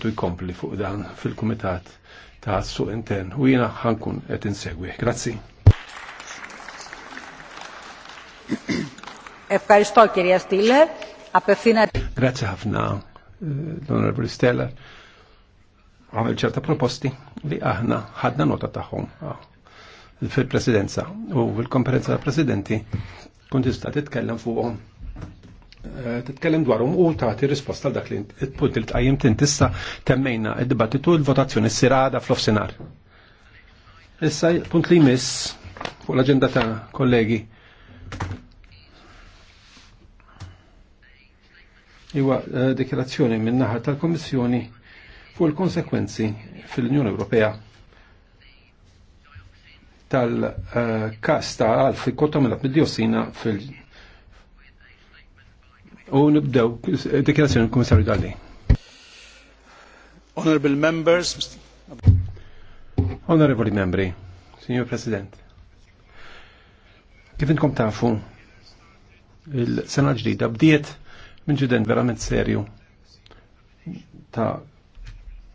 tu jkompli fuq dan fil-Kumitat ta' Suq Intern u jiena ħankun qed insegwi. Grazzi. Ευχαριστώ κυρία Στήλερ. Απευθύνατε. Grazie ħafna eh, l-Onorevoli Stella Għamil ċerta proposti li aħna ħadna nota tagħhom ah, fil-presidenza u fil-konferenza tal-presidenti kont tista' titkellem fuqhom Eh, titkellem dwarhom u tagħti risposta għal dak li punt li tqajjim tista temmejna id-dibattitu l-votazzjoni s-sirada fl-offsinar. Issa punt li jmiss fuq l-aġenda ta' kollegi. Iwa eh, dikjerazzjoni minn naħa tal-Kommissjoni fuq il-konsekwenzi fil-Unjoni Ewropea tal-kas eh, ta' għalfi kontaminat mid-diossina fil-ġnus U nibdew dikjerazzjoni kummissarju Dalli. Honorable members, Honorable membri, Signor President, kif inkom tafu il-sena ġdida bdiet minn ġiden verament serju ta'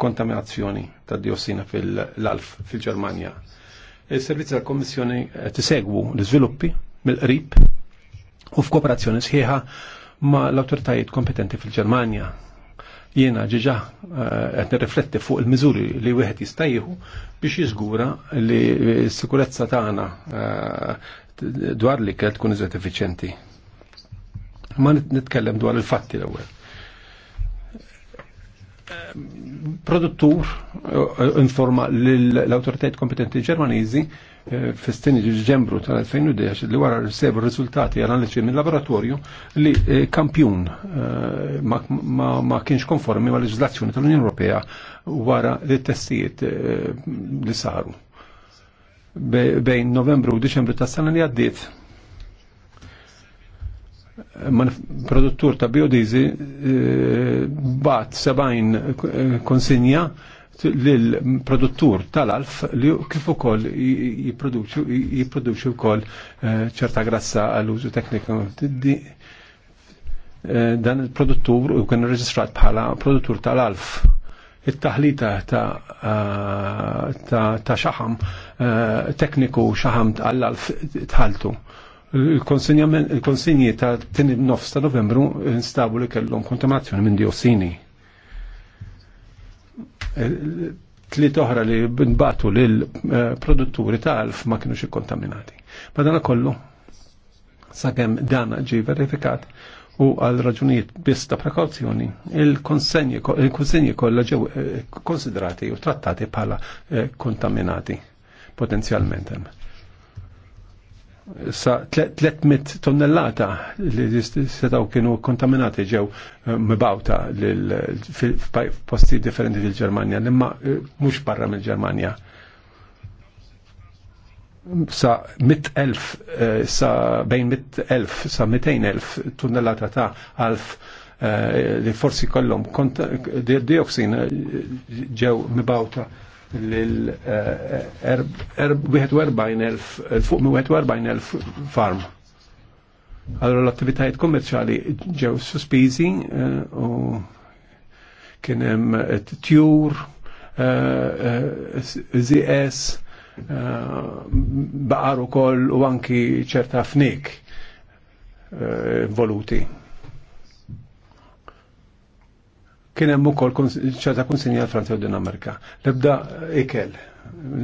kontaminazzjoni ta' diossina fil-alf fil germania Il-servizzi tal-Kommissjoni eh, t-segwu l izviluppi mill-qrib u f'kooperazzjoni sħiħa ma l-autoritajiet kompetenti fil-Ġermanja. Jiena ġiġa eh, qed nirrifletti fuq il-miżuri li wieħed jista' jieħu biex jiżgura li s-sikurezza tagħna eh, dwar li kell tkun iżgħet effiċenti. Ma nitkellem dwar il-fatti l-ewwel. Produttur eh, informa l-autoritajiet kompetenti Ġermaniżi Eh, fistini ġembru tal 2010 li wara rsebu rizultati analiċi minn laboratorju li eh, kampjun eh, ma kienx konformi ma' leġislazzjoni tal-Unjoni Ewropea wara li testijiet li saru. Bejn novembru u diċembru tas-sena li għaddiet produttur ta' biodizi bat 70 konsinja lill-produttur tal-alf li kif ukoll jipproduċi wkoll eh, ċerta grassa għall-użu tekniku. Eh, dan il-produttur u kien reġistrat bħala produttur tal-alf it-taħlita ta' eh, xaħam tekniku xaħam tal alf tħaltu. Il-konsinji ta' tini nofs ta' novembru instabu li kellhom kontaminazzjoni minn diossini tliet oħra li nbatu l eh, produtturi ta' alf ma kienux ikkontaminati. Madana kollu, sakemm dan ġi verifikat u għal raġunijiet biss ta' prekawzjoni, il-konsenji kollha ġew eh, konsiderati u trattati bħala eh, kontaminati potenzjalment sa 300 tonnellata li setaw kienu kontaminati ġew eh, mibawta f'posti differenti fil-Ġermanja, imma eh, mhux barra mill-Ġermanja. Sa 100.000 eh, sa bejn 100.000 sa 200.000 tonnellata ta' alf li forsi kollhom dioxin ġew mibawta l-41.000 eh, eh, fuq 41.000 farm. Allora l-attivitajiet kommerċali ġew sospiżi eh, u kien hemm tjur, ZS, baqar ukoll u anki ċerta fnik voluti. kien hemm ukoll ċerta konsinja għal Franza u Amerika, L-ebda ikel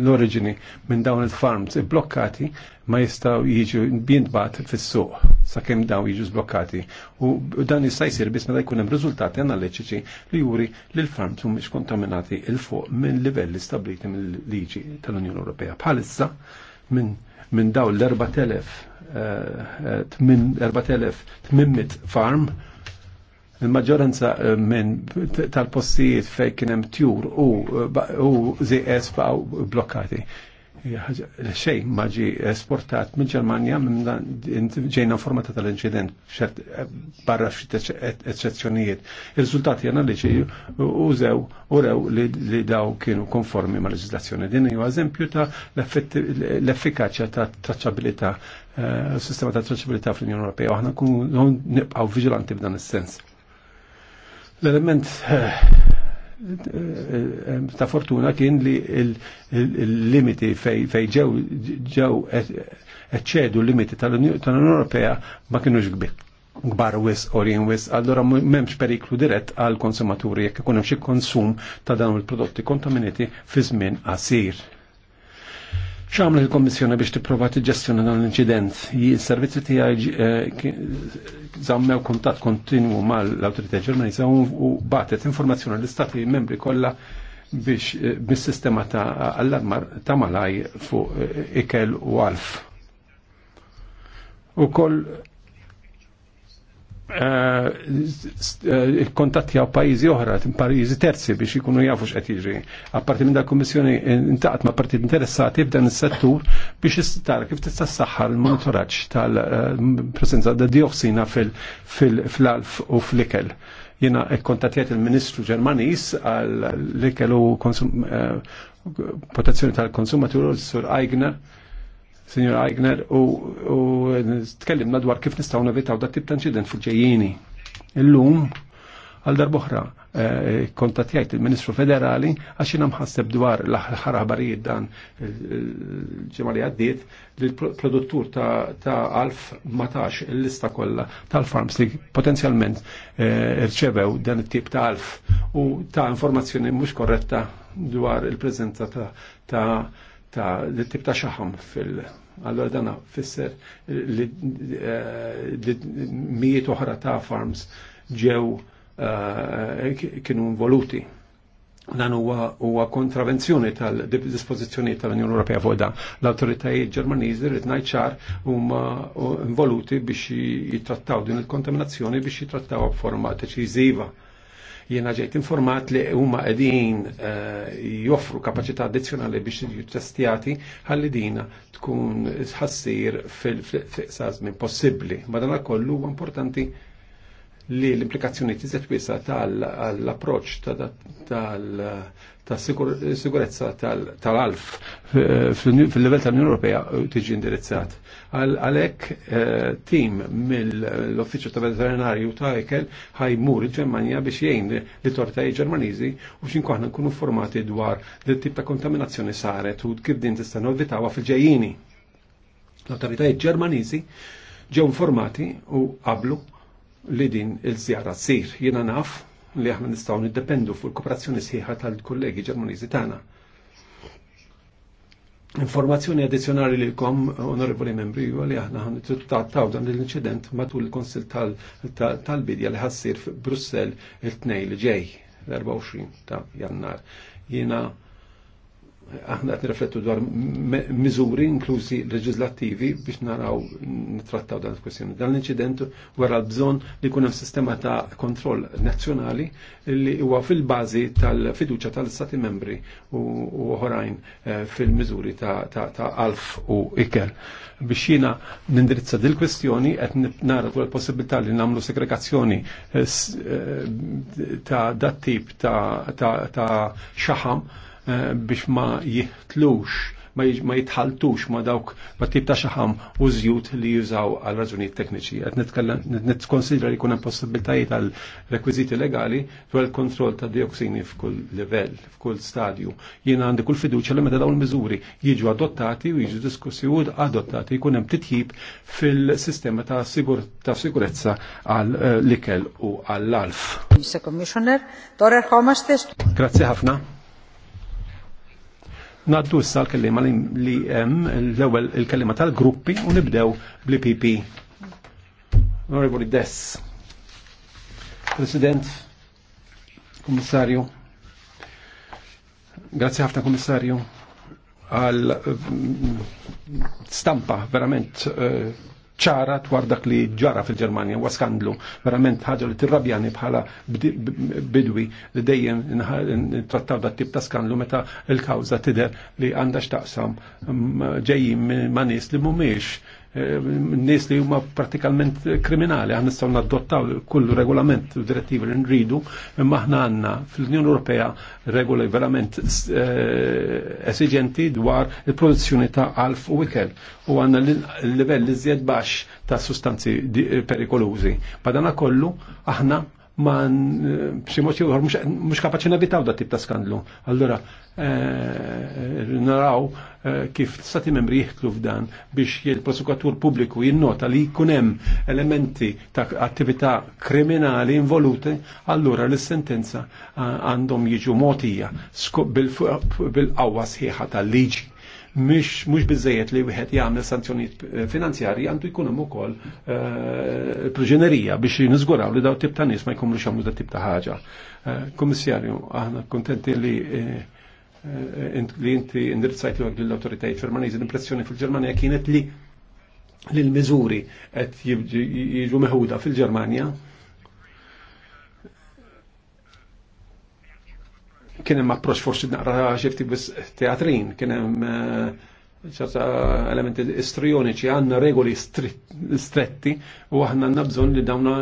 l-oriġini minn dawn il-farms blokkati ma jistaw jiġu bjintbat fis-suq sakemm dawn jiġu zblokkati. U dan jista' jsir biss meta jkun hemm riżultati analitiċi li juri li l-farms mhumiex kontaminati il fuq minn livelli stabliti mill-liġi tal-Unjoni Ewropea. Bħalissa minn min dawn l-4000 uh, 4800 farm Il-maġġoranza eh, minn tal-postijiet fejn kien hemm tjur u ZS baqgħu blokkati. Xejn ma ġi esportat mill ġermanja ġejna formata tal-inċident xert eh, barra f'xit eċċezzjonijiet. Ir-riżultati analiċi użew u rew li daw kienu konformi ma' leġislazzjoni. Din hija eżempju ta' l-effikaċja ta' traċċabilità, eh, sistema ta' traċċabilità fl-Unjoni Ewropea u aħna nkunu nibqgħu viġilanti b'dan is-sens. L-element eh, eh, ta' fortuna kien li il-limiti fej ġew eċċedu l-limiti tal-Unjoni Ewropea ma kienux gbar wis orin wis, allora memx periklu dirett għal konsumaturi jekk ikun hemm xi konsum ta' dawn il-prodotti kontaminati fi żmien qasir ċamlu il kommissjoni biex tipprova ti-ġestjoni dan l incident Il-servizzi tiegħi eh, zammew kuntat kontinwu mal-Awtorità Ġermaniża u batet informazzjoni l-Istati membri kollha biex eh, bis-sistema ta' allarmar ta' malaj fuq eh, ikel u alf. U koll Eh, eh, eh, kontattjaw pajizi oħra, pajizi terzi biex ikunu jafu x'qed jiġri. Apparti minn dal-Kummissjoni intaqat ma' partit interessati f'dan is-settur biex tara kif tista' saħħar il-monitoraġġ tal-preżenza ta' dioxina fil-alf u fl-ikel. Jiena kontattjat il-Ministru Ġermaniż għal ikel u protezzjoni tal-konsumatur sur Aigner Signor Eigner, u tkellimna dwar kif nistgħu nevitaw da tip tanċident inċident fil-ġejjini. Illum għal darboħra eh, kontatjajt il-Ministru Federali għax jina mħasseb dwar l-aħħar ħabarijiet dan eh, ġemali għaddiet li l-produttur ta' alf matax il-lista kollha tal-farms li potenzjalment eh, rċevew dan it-tip ta' alf u ta' informazzjoni mhux korretta dwar il-preżenza ta' ta' li tip ta' xaħam fil- Allora dana fisser li eh, mijiet oħra ta' farms ġew eh, kienu involuti. Dan huwa kontravenzjoni tal disposizjoni tal-Unjoni Ewropea fuq dan. L-awtoritajiet Ġermaniżi rrid ngħid ċar huma involuti biex jittrattaw din il-kontaminazzjoni biex jittrattaw b'forma deċiżiva. Jiena ġejt informat li huma qegħdin eh, joffru kapaċità addizzjonali biex jiġu testjati ħalli dina tkun ħassir fil-fiqsa żmien possibbli. Madanakollu huwa importanti li l-implikazzjoni tiżet wiesa tal-approċ tal-sigurezza tal-alf eh, fil-level tal-Unjoni Ewropea tiġi indirizzat. Għalhekk eh, tim mill offiċċju ta' Veterinarju ta' Ekel ħajmur il-Ġermanja biex jgħin li tortaj Ġermaniżi u xin aħna nkunu formati dwar li tip ta' kontaminazzjoni saret u kif din tista' novitawa fil-ġejjini. L-autoritajiet Ġermaniżi ġew informati u qablu li din il-żjara tsir. Jiena naf li aħna nistgħu niddependu fuq il-kooperazzjoni sħiħa tal-kollegi Ġermaniżi tagħna Informazzjoni addizjonali li kom, onorevoli membri, u li aħna għan t-tattaw dan l-incident matul il-konsil tal-bidja li ħassir Brussel il-2 li ġej, l-24 ta' jannar. Jena aħna qed nirriflettu dwar miżuri inklużi leġislattivi biex naraw nittrattaw dan il-kwestjoni. Dan l-inċident wara l-bżonn li jkun hemm sistema ta' kontroll nazzjonali li huwa fil-bażi tal-fiduċja tal-Stati membri u oħrajn eh, fil-miżuri ta' alf u ikel. Biex jiena nindirizza dil kwestjoni qed nara dwar il-possibilità li nagħmlu segregazzjoni eh, eh, ta' dat tip ta' xaħam Eh, biex ma jihtlux, ma jitħaltux ma dawk ma tib ta' xaħam u zjut li jużaw għal raġunijiet tekniċi. Għet nitkonsidra li kuna possibiltajiet għal rekwiziti legali dwar kontroll ta' dioksini f'kull level, f'kull stadju. Jiena għandi kull fiduċa li meta dawn miżuri jiġu adottati u jiġu diskussi u adottati jkun hemm titjib fil-sistema ta' sikurezza għal eh, likel ikel u għall-alf. Grazie ħafna. Naddu issa l-kellima li hemm l-ewwel il-kellima tal-gruppi u nibdew bl-PP. Onorevoli Dess. President, Kummissarju, Grazie ħafna Kummissarju għal stampa verament eh, ċara dwar dak li ġara fil-Ġermanja wa skandlu, verament ħaġa li tirrabjani bħala bidwi li dejjem trattaw dat tip ta' skandlu meta il-kawża tidher li għandha x'taqsam ġejjin ma' nies li mhumiex Nis li huma pratikalment kriminali, aħna nistgħu naddottaw kull regolament u direttivi li nridu, imma aħna għandna fl-Unjoni Ewropea regoli verament eh, esigenti dwar il-produzzjoni ta' alf u wikel u għandna l-livell zjed baxx ta' sustanzi perikolużi. Badana kollu aħna ma eh, b'xi mod ieħor mhux kapaċi nabitaw da tip ta' skandlu. Allura eh, naraw eh, kif stati membri jieħdlu f'dan biex il-prosekutur pubbliku jinnota li jkun hemm elementi ta' attività kriminali involuti, allura l-sentenza għandhom jiġu motija bil-qawwa sħiħa tal-liġi mhux mhux biżejjed li wieħed jagħmel sanzjonijiet eh, finanzjarji għandu jkun hemm ukoll eh, proġenerija biex niżguraw li daw tip ta' nies ma jkunux jagħmlu da tip ta' ħaġa. Eh, kummissarju, aħna kontenti li li inti indirizzajt l-autoritajiet ġermaniżi l-impressjoni fil-Ġermanija kienet li l-miżuri qed jiġu meħuda fil-Ġermanja kien hemm approċċ forsi naqra xifti biss teatrin, kien hemm ċerta elementi istrioniċi, għanna regoli stretti u għanna għanna bżon li dawna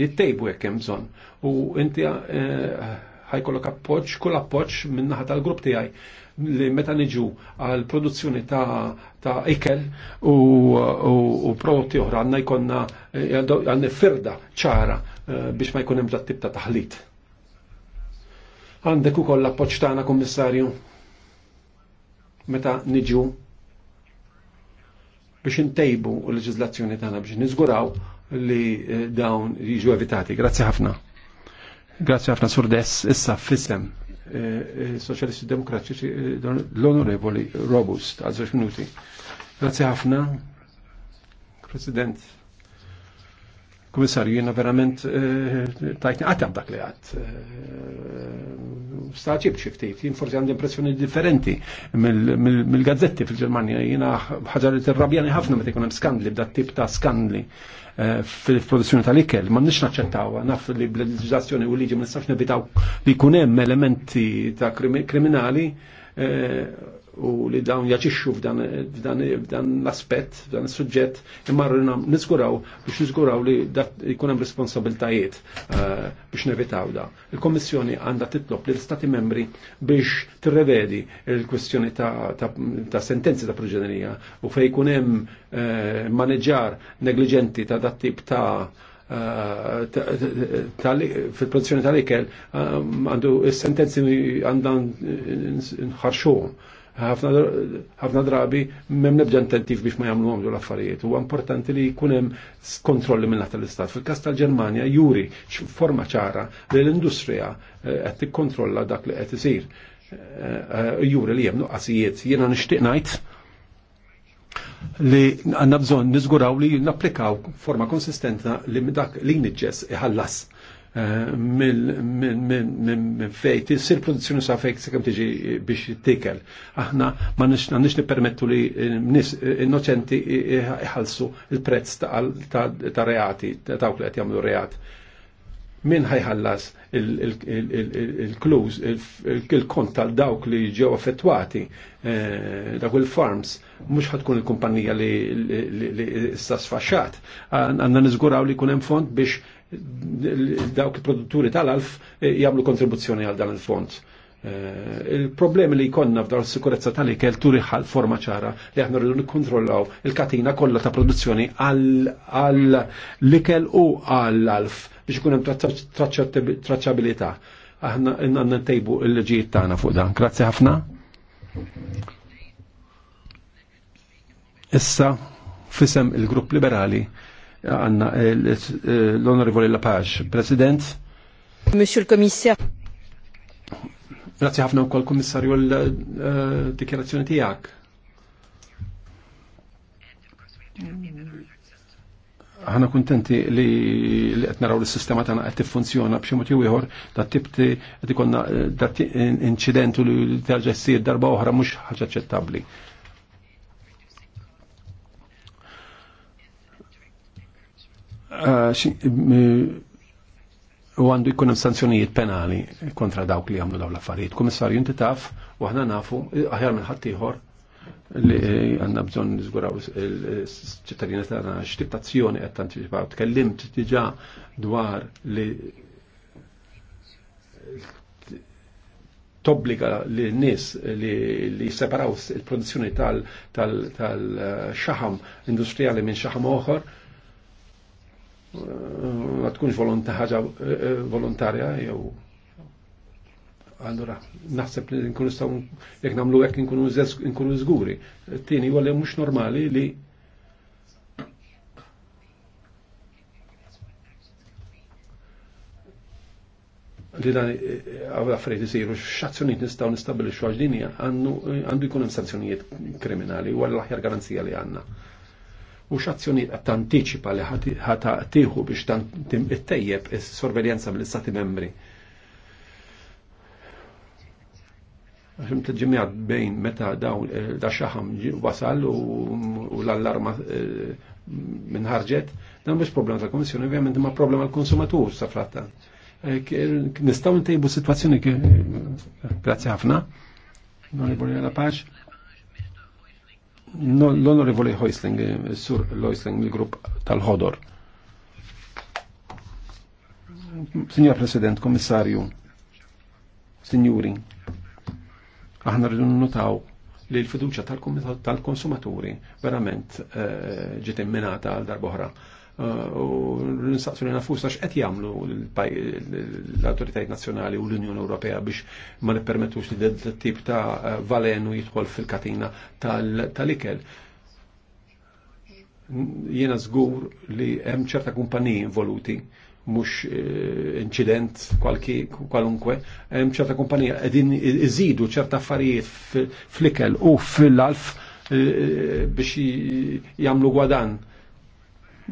jittejbu jek hemm bżon. U inti ħajkollok appoċ, kull appoċ minnaħat tal-grupp tiegħi li meta niġu għal produzzjoni ta', ikel u, prodotti oħra għanna jkonna għanna firda ċara biex ma jkun hemm tip ta' taħlit. Għandek ukoll l-appoġġ tagħna, Kummissarju, meta niġu biex intejbu l-leġizlazzjoni tagħna biex niżguraw li eh, dawn jiġu evitati. Grazzi ħafna. Grazzi ħafna Surdess. issa fissem eh, eh, Soċjalisti Demokratiċi l-Onorevoli Robust għal minuti. Grazzi ħafna. President. Komissarju, jena verament eh, tajtni għatab dak li għat. Eh, staġib xiftit, jien forzi għandi impressjoni differenti mill-gazzetti fil-Germania, li t rabjani ħafna ma t hemm skandli, b'dat tip ta' skandli eh, fil-produzzjoni tal-ikel, ma nix naċċettaw, naf li bl-leġizzazzjoni u liġi ma nistax nevitaw li kunem elementi ta' kriminali u li dawn jaċixxu f'dan l-aspett, f'dan is-suġġett, imma niżguraw biex nizguraw li jkun hemm responsabiltajiet eh, biex nevitaw da. il komissjoni għandha titlob li l-Stati membri biex tirrevedi il-kwestjoni ta' sentenzi ta' proġenerija u fej kunem hemm eh, negligenti ta' dat tip ta' eh, fil-produzzjoni tal-ikel għandu s-sentenzi għandan nħarxu ħafna drabi mem nebda intentiv biex ma jagħmlu għamlu l-affarijiet. U importanti li jkun hemm kontrolli minn tal-Istat. Fil-każ tal-Ġermanja juri forma ċara li l-industrija eh, qed tikkontrolla dak li qed isir. Eh, eh, juri li hemm qasijiet Jiena nixtieq ngħid li għanna bżon nizguraw li napplikaw forma konsistenta li dak li nġess iħallas minn fejn tisir produzzjoni sa se sakemm tiġi biex tikel. Aħna ma nix nippermettu li nis innoċenti iħalsu il-prezz ta' reati, ta' dawk li qed jagħmlu reat. Min ħajħallas il-klus, il-kont tal dawk li ġew affettwati, eh, da' il-farms, mhux ħatkun il-kumpanija li s-sasfaxat. Għandna niżguraw li jkun hemm fond biex dawk il-produtturi tal-alf eh, jagħmlu kontribuzzjoni għal dan il-fond. Eh, il-problemi li jkonna f'dar sikurezza tal-ikel turi forma ċara li aħna rridu nikkontrollaw il-katina kollha ta' produzzjoni għall-ikel u għall-alf biex ikun hemm traċċabilità. Aħna għandna ntejbu l-ġijiet tagħna fuq dan. Grazzi ħafna. Issa fisem il-grupp liberali għanna eh, l-Onorevoli Lapage. President? Monsieur l-Komissar. Grazie ħafna u kol komissarju l-dikjerazzjoni eh, tijak. ħana kontenti li qed naraw is sistema tagħna qed tiffunzjona b'xi mod ieħor dat tibti qed ikollna eh, dat inċidentu li terġa' ssir darba oħra mhux ħaġa aċċettabbli. Eh, u għandu jkun hemm sanzjonijiet penali kontra dawk li għamlu daw l-affarijiet. Kummissarju, inti taf, u aħna nafu, eh, aħjar minn ħadd ieħor li eh, għandna bżonn niżguraw il-ċittadina tagħna x'tib tazzjoni qed tanticipaw. Tkellimt diġà dwar li tobbliga li n-nis li jisseparaw il-produzzjoni tal-xaħam industrijali minn xaħam oħor ma tkunx ħaġa eh, eh, volontarja jew Allora, naħseb li nkunu staw jekk nagħmlu hekk nkunu żguri. Tieni huwa li mhux normali li li dan eh, għavla frejt jisiru x-xazzjoniet nistaw nistabili għax din għandu jkun hemm sanzjonijiet kriminali u l-aħjar garanzija li għanna u x'azzjoni qed tantiċipa li ħatieħu biex tantim ittejjeb is-sorveljanza mill-Istati membri. Għaxim t-ġimjat bejn meta dawn eh, da xaħam wasal u l-allarma eh, minnħarġet, dan biex problema tal-Komissjoni, ovvijament ma problema għal konsumatur sa fratta. Eh, nistaw n-tejbu situazzjoni, grazie ħafna, non la paċ l-onorevoli Hoisling, sur Loisling il grupp tal-ħodor. Signor President, Komissarju, Signuri, aħna rridu notaw li l-fiduċa tal-konsumaturi verament eh, ġiet imminata għal darboħra. Eh, u n nistaqsu li nafus għax qed jagħmlu l-awtoritajiet nazzjonali u l-Unjoni Ewropea biex ma nippermettux li dan tip ta' valenu jidħol fil-katina tal-ikel. Jiena żgur li hemm ċerta kumpaniji involuti mux eh, incident kwalki, kwalunkwe, hemm ċerta kumpanija qegħdin iżidu ċerta affarijiet fl-ikel u fil-alf eh, biex jagħmlu gwadan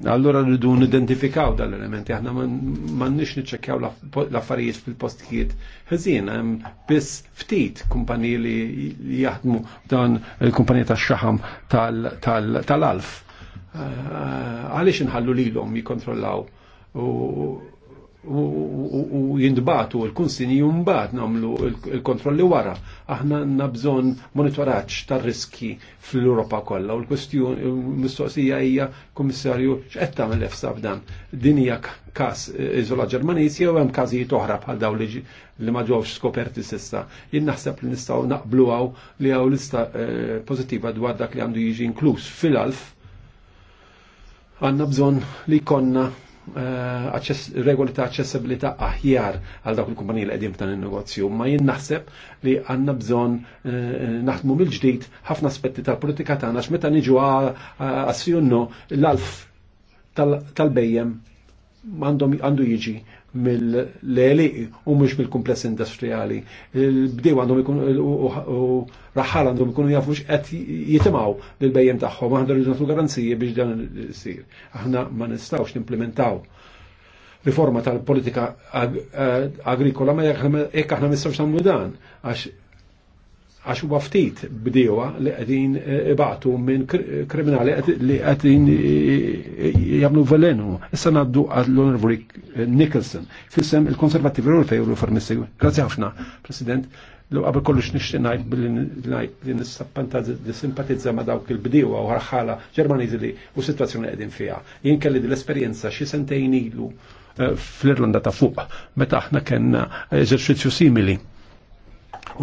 Allura rridu nidentifikaw dal-elementi, aħna m'għandniex niċċekkjaw l-affarijiet fil-postijiet. Ħażin hemm biss ftit kumpaniji li jaħdmu dan il-kumpanija tax-xaħam tal-alf. Eh, għaliex inħallu lilhom jikkontrollaw jikontrollaw u jindbatu l-kunsini jumbat namlu il-kontrolli wara. Aħna nabżon monitoraċ tar riski fl-Europa kollha u l-kwestjoni mistoqsija hija kummissarju x'qed tagħmel efsa f'dan. Din hija każ iżola Ġermanizja jew hemm każijiet oħra bħal daw li ma ġewx skoperti s'issa. Jien naħseb li nistgħu naqblu għaw li hawn lista eh, pożittiva dwar dak li għandu jiġi inkluż fil-alf għandna bżonn li konna regoli ta' aċċessibilità aħjar għal dawk il kumpanija li qegħdin f'dan in-negozju, ma jien naħseb li għandna bżonn naħdmu mill-ġdid ħafna aspetti tal-politika tagħna x'meta niġu għasfjonnu l-alf tal-bejjem għandu jiġi mill-leli u mhux mill-kumpless industrijali. bdew għandhom ikun u raħal għandhom ikunu jafux għet jitimaw l bejjem tagħhom, aħna rridu nagħtu biex dan isir. Aħna ma nistgħux implementaw riforma tal-politika eh, agrikola ma jekk aħna mistgħux għamlu dan għax għax huwa ftit bdiewa li qegħdin eh, ibatu minn kriminali li qegħdin eh, eh, jagħmlu velenu. Issa ngħaddu għall-Onorevoli Nicholson fissem il-Konservattivi Ewropej u l-Riformisti. Grazie ħafna, President. Lu qabel kollu xnixti najt billi nissappanta li simpatizza ma' dawk il-bdiewa u ħarħala Ġermaniżi li u sitwazzjoni qegħdin fiha. Jien kelli l-esperjenza xi sentejn ilu fl-Irlanda ta' fuq meta aħna kena eżerċizzju simili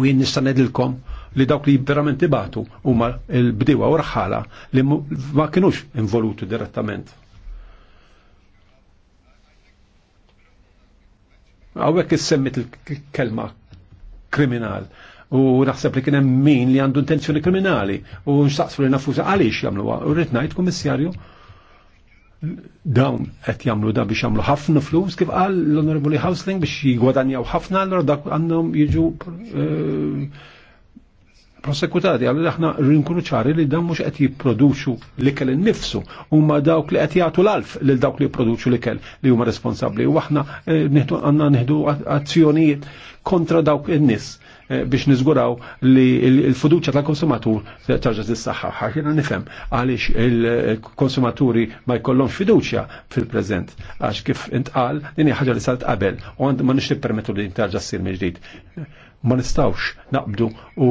u jien nista' nedilkom li dawk li verament ibatu huma l-bdiwa u rħala li ma kinux involuti direttament. Għawek is-semmit il-kelma kriminal u naħseb li kien hemm min li għandu intenzjoni kriminali u nxtaqsru li nafusa għaliex jagħmluha u rrid ngħid kummissarju dawn qed jagħmlu da biex jagħmlu ħafna flus kif qal l-Onorevoli Housling biex jigwadanjaw ħafna allura dak għandhom jiġu eh, prosekutati għalli aħna rinkunu ċari li dan mhux qed jipproduċu l-ikel innifsu huma dawk li qed jagħtu l-alf lil dawk li jiproduċu l-ikel li huma responsabbli u aħna eh, għandna nħidu azzjonijiet kontra dawk in-nies eh, biex nizguraw li l-fiduċa tal-konsumatur tarġa s-saxħa. ħaxina nifem għalix il-konsumaturi ma jkollhomx fiduċja fil-prezent. Għax kif intqal, din ħaġa li salt qabel u għand ma nix permettu li tarġa s-sir ġdid ma nistawx naqbdu u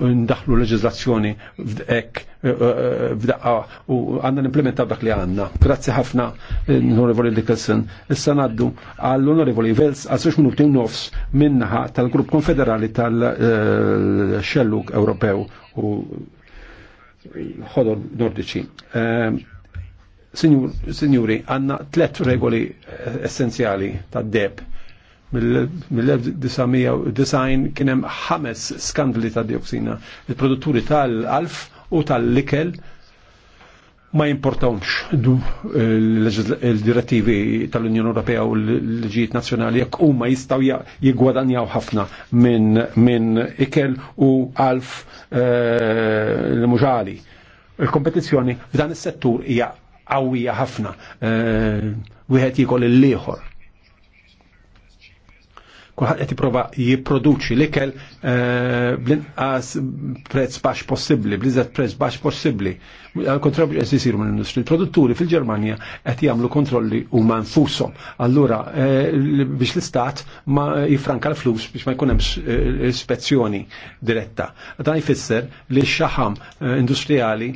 ndaħlu leġizlazzjoni f'dek eh, eh, f'daqqa u għanna implementaw dak li għanna. Grazzi ħafna l-Onorevoli Dickelson. Issa naddu għall-Onorevoli Vels għal sux minuti nofs minnaħa tal-Grupp Konfederali tal-Xelluk Ewropew u ħodor nordiċi. Eh, signori, għanna tlet regoli essenzjali tad-deb mill-1990 kienem ħames skandli ta' dioksina. Il-produtturi tal-alf u tal-likel ma jimportawx eh, il-direttivi tal-Unjoni Ewropea u l-ġijiet nazzjonali jekk huma jistgħu jiggwadanjaw ħafna minn ikel u alf eh, l-muġali. Il-kompetizzjoni f'dan is-settur hija qawwija ħafna. Eh, wieħed jikol il-lieħor kulħadd qed jipprova jipproduċi l-ikel eh, bl-inqas prezz baxx possibbli, bl-iżgħat prezz baxx possibbli kontrabri qed isiru mill-industri. Il-produtturi fil-Ġermanja qed jagħmlu kontrolli huma nfushom. Allura eh, biex l-istat ma jifranka l-flus biex ma jkun hemm eh, ispezzjoni diretta. Dan jfisser li x-xaħam eh, industrijali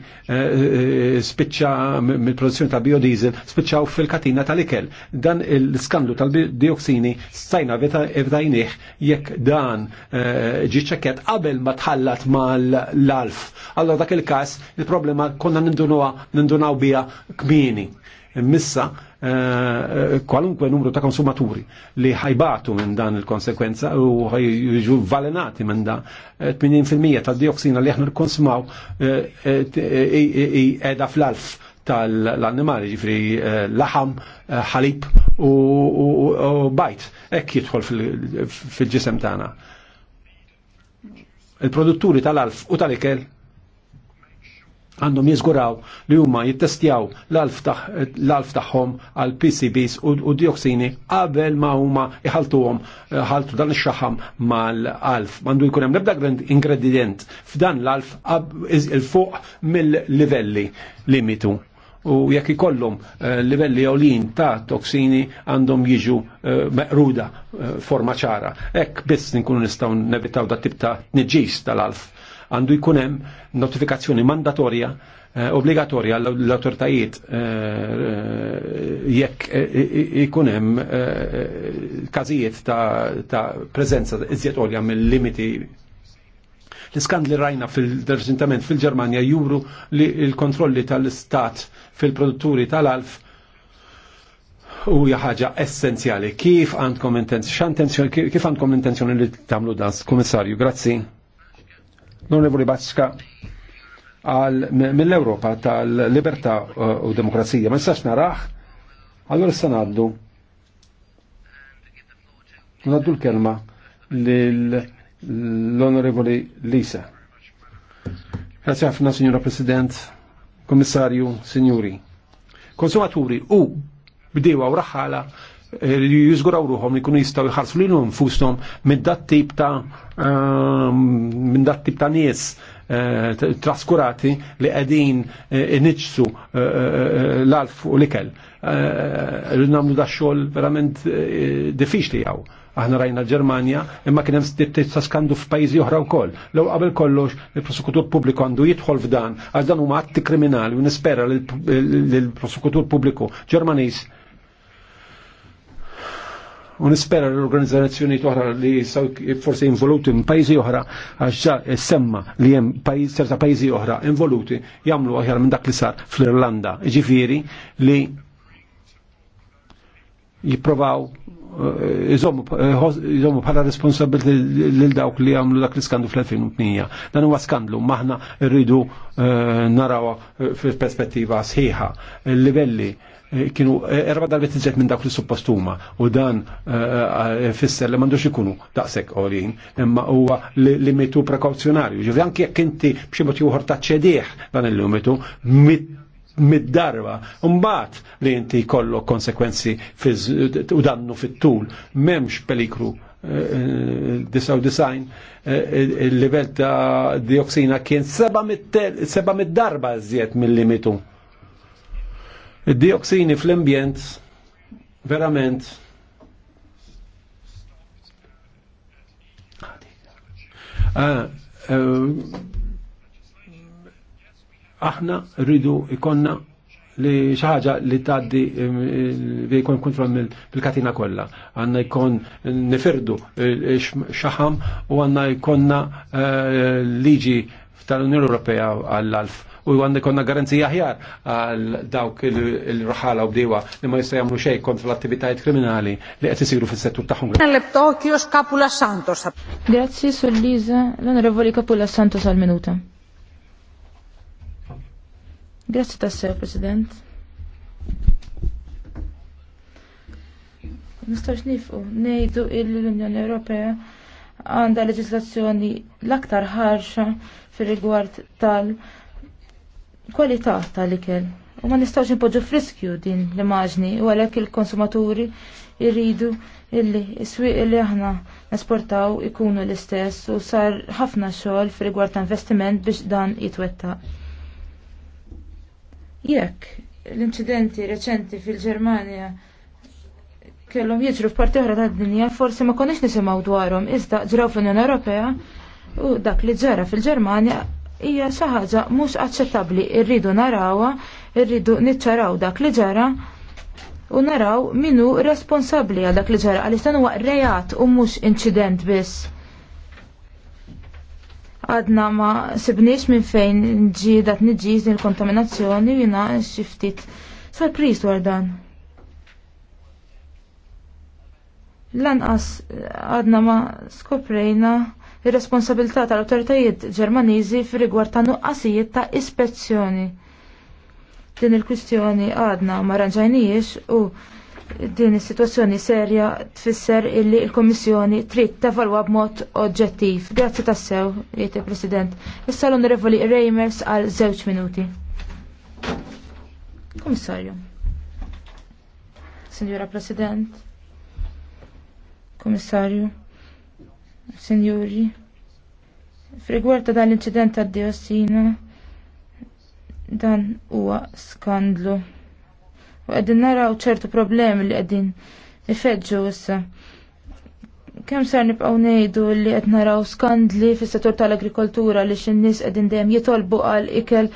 spiċċa mill-produzzjoni ta' biodiesel spiċċaw fil-katina tal-ikel. Dan l-skandlu tal-dioksini stajna evdajnieh jekk dan ġiċċekket qabel ma tħallat mal l-alf. Allora dak il-każ il-problema konna nindunaw bija kmini. Missa, eh, eh, kwalunkwe numru ta' konsumaturi li ħajbatu minn dan il-konsekwenza u ħajġu valenati minn da 80% eh, ta' dioksina li aħna konsumaw edha fl-alf tal-annimali ġifri laħam, ħalib u bajt. Ekk jidħol fil-ġisem tagħna. Il-produtturi tal-alf u tal-ikel għandhom jizguraw li huma jittestjaw l-alf tagħhom għal PCBs u dioksini qabel ma huma iħaltuhom eh, ħaltu dan ix-xaħam mal-alf. Mandu jkun hemm l-ebda ingredient f'dan l-alf il fuq mill-livelli limitu. U jekk ikollhom eh, livelli ewlin ta' toksini għandhom jiġu eh, meqruda forma ċara. Hekk biss nkunu nistgħu nevitaw dat tip ta' niġġis tal-alf għandu jkun hemm notifikazzjoni mandatorja eh, obbligatorja l-autoritajiet eh, eh, jekk ikun hemm każijiet ta' prezenza iżjed olja mill-limiti L-iskandli rajna fil-reċentament fil-Ġermanja juru li l-kontrolli tal-istat fil-produtturi tal-alf u ħaġa essenzjali. Kif għandkom intenzjoni, kif għandkom intenzjoni li tagħmlu dan, komissarju, Grazzi l-Onorevoli Bazka mill-Europa tal-libertà uh, u demokrazija. Ma nistax narax, għallur issa naddu. Ngħaddu l-kelma l-Onorevoli Lisa. Grazie ħafna, Signora President, Kommissarju, Signori. Konsumaturi u bdewa u raħħala li jużguraw li kunu jistaw jħarsu li nfusnom minn dat tip ta' ehm, minn dat tip ta' nies eh, traskurati li għedin iniġsu eh, eh, l-alf u li kell. Rrid nagħmlu da xogħol verament li hawn aħna rajna l-Ġermanja, imma kien hemm ta' skandu uħra u koll. Lew qabel kollox il-prosekutur publiku għandu jidħol f'dan għal dan huma atti kriminali u nispera l prosekutur publiku Ġermanis U nispera l-organizzazzjoni oħra li saw forsi involuti minn pajjiżi oħra għax ġa semma li hemm pajjiż certa pajjiżi oħra involuti jagħmlu aħjar minn dak li sar fl-Irlanda. ġifiri li jipprovaw jizomu eh, bħala responsabilti lil dawk li għamlu dak l skandlu fl-2008. Dan huwa skandlu, maħna rridu eh, narawa eh, f perspettiva sħiħa. livelli kienu erba darbet iġet minn dak li suppostuma u dan fisser li mandux ikunu daqsek olin imma huwa limitu prekauzjonarju. Ġivri anki jekk inti b'xi mod juħor taċċedih dan il-limitu mid-darba, mbagħad li inti jkollok konsekwenzi u dannu fit-tul, m'hemmx pelikru eh, disaw design eh, il-livell ta' dioksina kien seba mid-darba żjed mill-limitu. Id-dioksini fl-ambjent verament Ah, eh, aħna rridu ikonna li xaħġa li taddi li jkun kontrol bil katina kolla. Għanna jkun nifirdu eh, eh, xaħam u għanna jkonna eh, liġi tal-Unjoni Ewropea għall-alf u għanna jkonna garanzija ħjar għal dawk il-raħala u bdiewa li ma jistajamlu xej kontra l-attivitajiet kriminali li qed isiru fis-settur taħħum. Kapula Santos. Grazie, Liza, l-Onorevoli Kapula Santos għal-minuta. Grazzi te, President. Nistax nifqu nejdu illi l-Unjoni Ewropea għandha leġislazzjoni l-aktar ħarxa fir-rigward tal-kwalità tal-ikel. U ma nistax nipoġġu friskju din l-immaġni u għalhekk il-konsumaturi irridu illi is-swieq illi aħna nesportaw ikunu l-istess u sar ħafna xogħol fir-rigward ta' investiment biex dan jitwettaq. Jekk l-inċidenti reċenti fil-Ġermanja kellhom jiġru f'parti oħra tad-dinja, forsi ma konniex nisimgħu dwarhom, iżda ġraw fl-Unjoni Ewropea u dak li ġara fil-Ġermanja hija xi ħaġa mhux aċċettabbli, irridu narawha, irridu niċċaraw dak li ġara u naraw minu responsabbli għal dak li ġara għaliex dan huwa reat u mhux inċident biss għadna ma sibniex minn fejn dat nġiż il-kontaminazzjoni jina xiftit Sorpriz dwar dan. Lanqas għadna ma skoprejna ir-responsabilità tal-awtoritajiet Ġermaniżi f'rigward ta' nuqqasijiet ta' ispezzjoni. Din il-kwistjoni għadna ma ranġajniex u din is-sitwazzjoni serja tfisser illi l kummissjoni trid tevalwa b'mod oġġettiv. Grazzi tassew, jiet il-President. Issa l-Onorevoli Reimers għal żewġ minuti. Komissarju. Signora President. Komissarju. Signori. Frigwarta ta' dan l-inċident tad diossina dan huwa skandlu U qegħdin naraw ċertu problemi li qegħdin ifeġġu issa. Kemm sar nibqgħu ngħidu li qed naraw skandli fis-settur tal-agrikoltura li x'in-nies qegħdin dejjem jitolbu għal ikel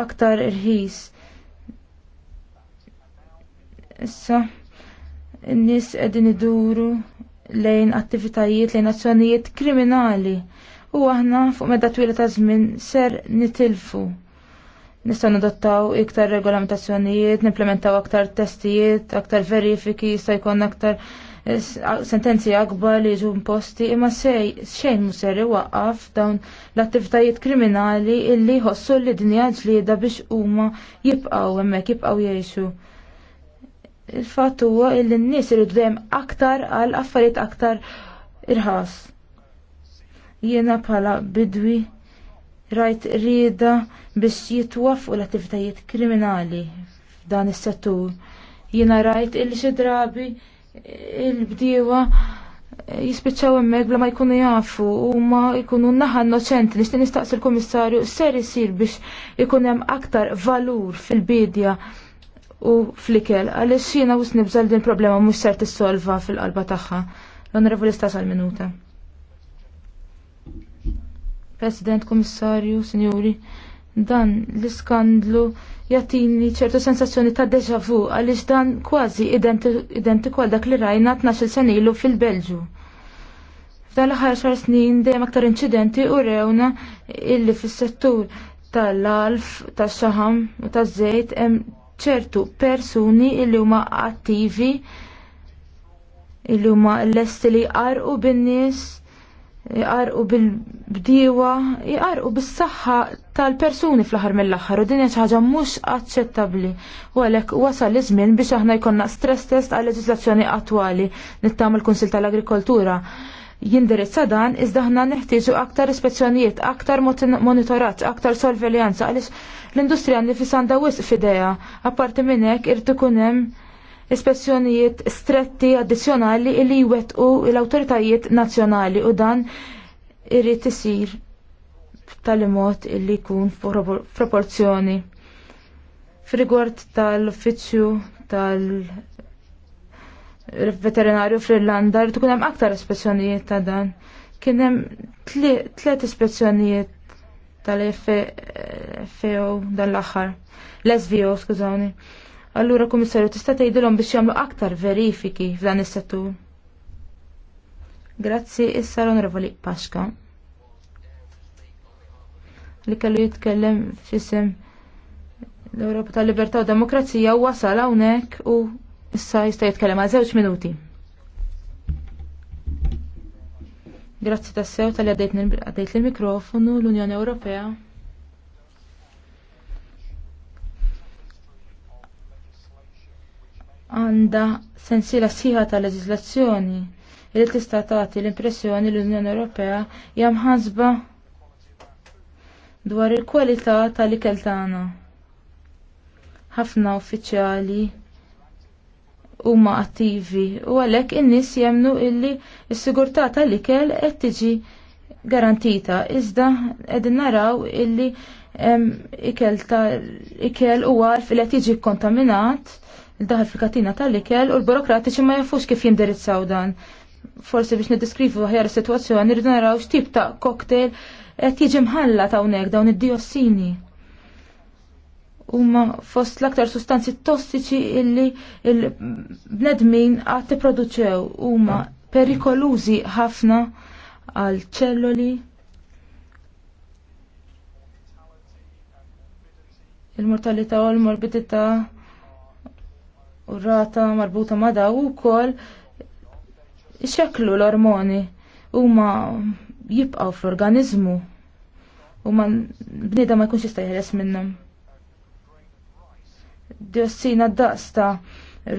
aktar irħis. Issa n-nies qegħdin iduru lejn attivitajiet lejn azzjonijiet kriminali u aħna fuq medda twila ta' żmien ser nitilfu Nistgħu nadottaw iktar regolamentazzjonijiet, nimplementaw aktar testijiet, aktar verifiki, jista' jkun aktar eh, sentenzi akbar li jiġu imposti imma xejn mhux ser iwaqqaf dawn l-attivitajiet kriminali illi jħossu li dinja ġlieda biex huma jibqgħu hemmhekk jibqgħu jgħixu il-fatt huwa li n-nies iridu dejjem aktar għal affarijiet aktar irħas. Jiena bħala bidwi rajt rieda biex u l-attivitajiet kriminali f'dan is-settur. Jiena rajt illi xi drabi il-bdiewa eh, jispiċċaw hemmhekk bla ma jkunu jafu huma jkunu naħa innoċenti nixtieq nistaqsi l-Kummissarju ser isir biex ikun hemm aktar valur fil-bidja u fl-ikel għaliex jiena wisni bżal din problema mhux ser tissolva fil-qalba tagħha. L-Onorevoli Stasal Minuta. President Komissarju, Sinjuri, dan l-iskandlu jatini ċertu sensazzjoni ta' deja vu għaliex dan kważi identiku għal dak li rajna 12 sen ilu fil-Belġu. F'dan l-aħħar xar snin dejjem aktar inċidenti u rewna illi fis-settur tal-alf, tax-xaham u taż-żejt hemm ċertu persuni illi huma attivi illi huma lesti li qarqu bin-nies jqarqu bil-bdiewa, jqarqu bis-saħħa tal-persuni fl-aħħar mill-aħħar u din hija ħaġa mhux aċċettabbli. U għalhekk wasal iż-żmien biex aħna jkollna stress test għal leġiżlazzjoni attwali nittama l-Kunsil tal-Agrikoltura. Jindirizza dan iżda aħna neħtieġu aktar ispezzjonijiet, aktar monitorat, aktar sorveljanza għaliex l-industrija nifisanda għandha wisq f'idea. Apparti minn hekk irid ikun hemm ispezzjonijiet stretti addizzjonali li jwettqu l-awtoritajiet nazzjonali u dan irrid isir tal mod li jkun proporzjoni. Frigward tal-uffiċċju tal-veterinarju fl-Irlanda li tkun hemm aktar ispezzjonijiet ta' dan. Kien hemm tliet ispezzjonijiet tal-FO dan l-aħħar. L-SVO, skużawni. Allura komissarju, tista' tgħidilhom biex jagħmlu aktar verifiki f'dan is-settur. Grazzi issa l-Onorevoli Paxka li kellu jitkellem f'isem l-Ewropa tal-Libertà u Demokrazija u wasal hawnhekk u issa jista' jitkellem għal żewġ minuti. Grazzi tassew tal-li għaddejt l-mikrofonu l-Unjoni Ewropea. għandha sensila sħiħa ta' leġislazzjoni li tista' tagħti l-impressjoni li l-Unjoni Ewropea hija mħasba dwar il-kwalità tal-ikel tagħna. Ħafna uffiċjali huma attivi u għalhekk in-nies jemnu illi s-sigurtà tal-ikel qed tiġi garantita iżda qegħdin naraw illi ikel ta' ikel u għarf li qed jiġi kontaminat daħal fil-katina tal-ikel u l-burokratiċi ma jafux kif jindirizzaw dan. Forsi biex nidiskrivu ħjar is-sitwazzjoni rridu naraw x'tip ta' cocktail qed jiġi mħalla ta' hawnhekk dawn id-diossini. Huma fost l-aktar sustanzi tossiċi illi il-bnedmin għad tipproduċew huma perikolużi ħafna għal ċelloli il-mortalità u l-morbidità u rata marbuta ma' daw ukoll ixeklu l-ormoni huma jibqgħu fl-organizmu u ma ma jkunx jista' jħeles minnhom. Diossina daqs ta'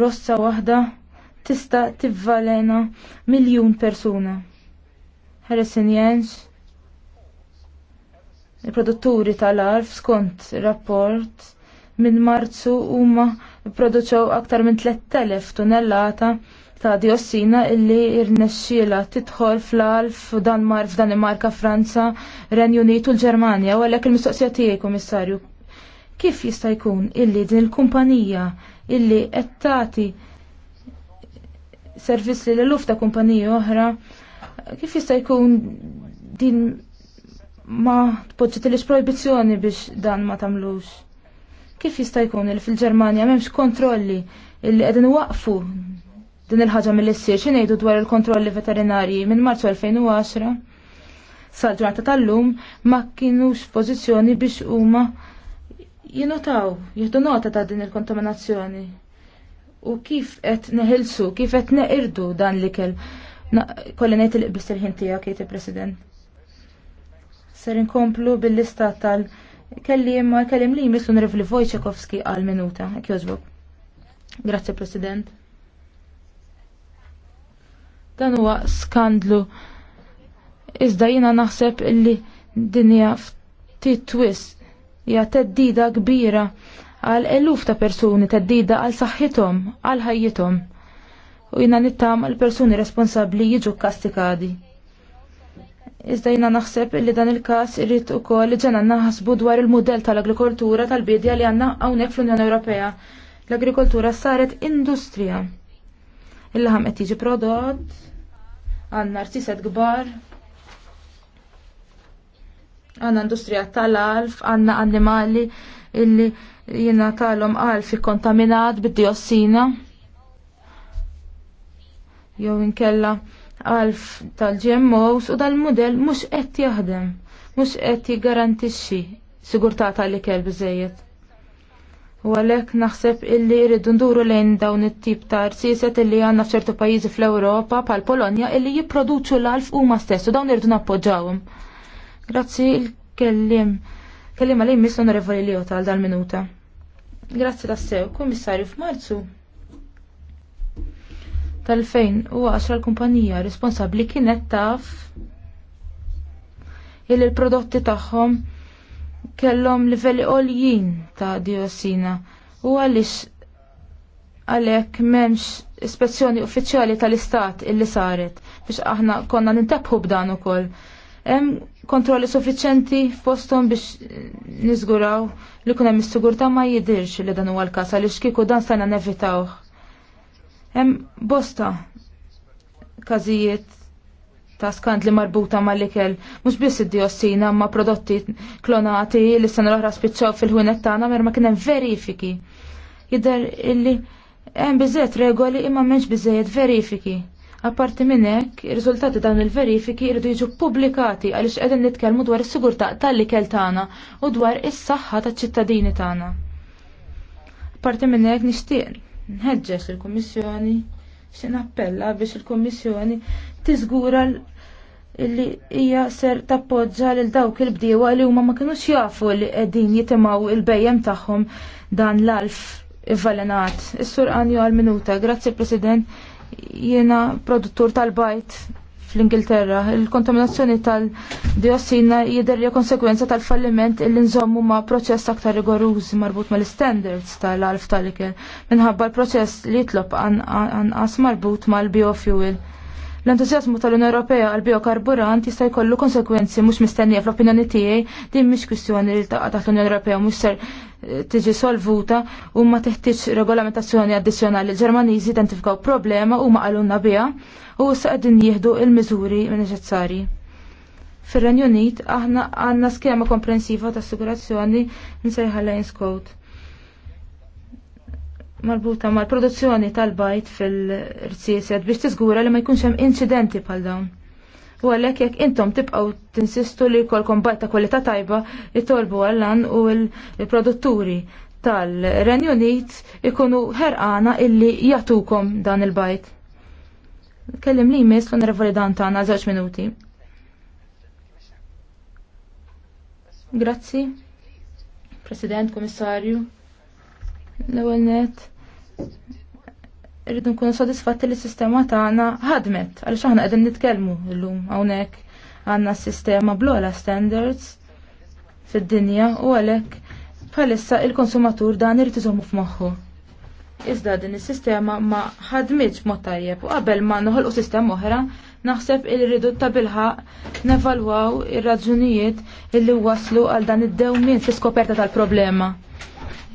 rossa waħda tista' tivvalena miljun persuna. Harrison injenx il-produtturi tal-arf skont rapport minn Marzu huma produċew aktar minn 3000 tonnellata ta' diossina illi irnexxiela tidħol fl-alf Danmark, f'Danimarka, Franza, Renju Unit u l-Ġermanja. U għalhekk il-mistoqsija tiegħi, Kummissarju, kif jista' jkun illi din il-kumpanija illi qed tagħti servizz li l lufta ta' kumpanija oħra, kif jista' jkun din ma tpoġġitilix proibizzjoni biex dan ma tagħmlux? Kif jista' jkun li fil-Ġermanja m'hemmx kontrolli li qegħdin waqfu din il-ħaġa mill-issir xi ngħidu dwar il-kontrolli veterinarji minn Marzu 2010 sal-ġurnata tal-lum ma kienux pożizzjoni biex huma jinotaw, jieħdu nota ta' din il-kontaminazzjoni. U kif qed neħilsu, kif qed neqirdu dan l-ikel. Kolli ngħid il-qbis il-ħin tiegħek, President. Ser inkomplu bil-lista tal- ma kellim li jmissu nrifli Wojciechowski għal minuta, ek jożbob. Grazie, President. Dan huwa skandlu. Iżda jina naħseb illi dinja ftit twis hija teddida kbira għal eluf ta' persuni teddida għal saħħithom, għal ħajjithom. U jina nittam għal persuni responsabli jiġu kastikadi. Iżda jina naħseb li dan il-kas irrit u koll ġena naħsbu dwar il-modell tal-agrikoltura tal-bidja li għanna għawnek fl-Unjoni Ewropea. L-agrikoltura saret industrija. Il-laħam qed jiġi prodott, għanna artiset gbar, għanna industrija tal-alf, għanna annimali illi jina tal-om alf kontaminat bid-diossina. Jow inkella għalf tal-GMOs u dal model mhux qed jaħdem, mhux qed jiggarantixxi sigurtà tal-ikel biżejjed. U għalhekk naħseb illi rridu nduru lejn dawn it-tip ta' rsiset illi għandna f'ċertu pajjiżi fl-Ewropa bħal Polonja illi jipproduċu l-alf huma stess u dawn irridu nappoġġawhom. Grazzi l-kellim. Kellim għalim mis l-onorevoli li għal dal-minuta. Grazzi tassew, kummissarju f'Marzu tal-2010 l-kumpanija responsabbli kienet taf il l-prodotti tagħhom kellhom livelli għoljin ta' diossina u għaliex għalhekk m'hemmx ispezzjoni uffiċjali tal-istat illi saret biex aħna konna nintebħu b'dan ukoll. Hemm kontrolli suffiċenti f'posthom biex niżguraw li kun hemm is-sigurtà ma jidirx li dan huwa l-każ għaliex kieku dan stajna nevitawh. Hemm bosta każijiet ta' skant li marbuta ma' likel, ikel mux biss id-diossina ma' prodotti klonati li s l-ohra spiċċaw fil-ħunet tagħna namer ma' kienem verifiki. Jidher illi hemm biżejjed regoli imma m'hemmx biżejjed verifiki. Apparti minn hekk, ir-riżultati dawn il-verifiki jridu jiġu publikati għaliex qegħdin nitkellmu dwar is-sigurtà tal-ikel tagħna u dwar is-saħħa taċ-ċittadini tagħna. Apparti minn hekk nixtieq nħeġġeġ il-Kummissjoni xin appella biex il-Kummissjoni tiżgura li hija ser tappoġġa lil dawk il-bdiewa li huma ma kinux jafu li qegħdin jitimgħu il-bejjem tagħhom dan l-alf ivvalenat. Is-sur għal minuta, grazzi President, jiena produttur tal-bajt fl-Ingilterra. Il-kontaminazzjoni tal-diossina jiderja konsekwenza tal-falliment il nżommu ma' proċess aktar rigorużi marbut mal standards tal-alf tal-ikel minħabba l-proċess li jitlob anqas marbut mal-biofuel. L-entuzjazmu tal-Unjoni Ewropea għal biokarburant jista' jkollu konsekwenzi mhux mistennija fl-opinjoni tiegħi din mhix kwistjoni li taqa' taħt l-Unjoni Ewropea mhux ser tiġi solvuta u ma teħtieġ regolamentazzjoni addizzjonali. ġermaniżi identifikaw problema u ma qalunna biha u issa qegħdin jieħdu l-miżuri neċessarji. Fir-Renju Unit aħna għandna skema komprensiva ta' assigurazzjoni nsejħa Lines Code. Marbuta mal-produzzjoni tal-bajt fil-rsiesed biex tiżgura li ma jkunx hemm inċidenti bħal dawn. U għalhekk jekk intom tibqgħu tinsistu li jkollkom bajta kwalità tajba jitolbu għallan u l-produtturi tal-Renjonit ikunu ħerqana illi jatukom dan il-bajt. Kellim li jmiss l-onorevoli għana żewġ minuti. Grazzi, President, Komissarju, l-ewwel net irridu nkunu sodisfatti li s-sistema tagħna ħadmet għaliex aħna qegħdin nitkellmu llum hawnhekk għandna s-sistema blola standards fid-dinja u għalhekk bħalissa il-konsumatur dan irid iżommu f'moħħu. Iżda din is-sistema ma ħadmitx mod tajjeb u qabel ma noħolqu sistema oħra naħseb il rridu ta' bilħaq nevalwaw ir-raġunijiet illi waslu għal dan id-dewmien fi skoperta tal-problema.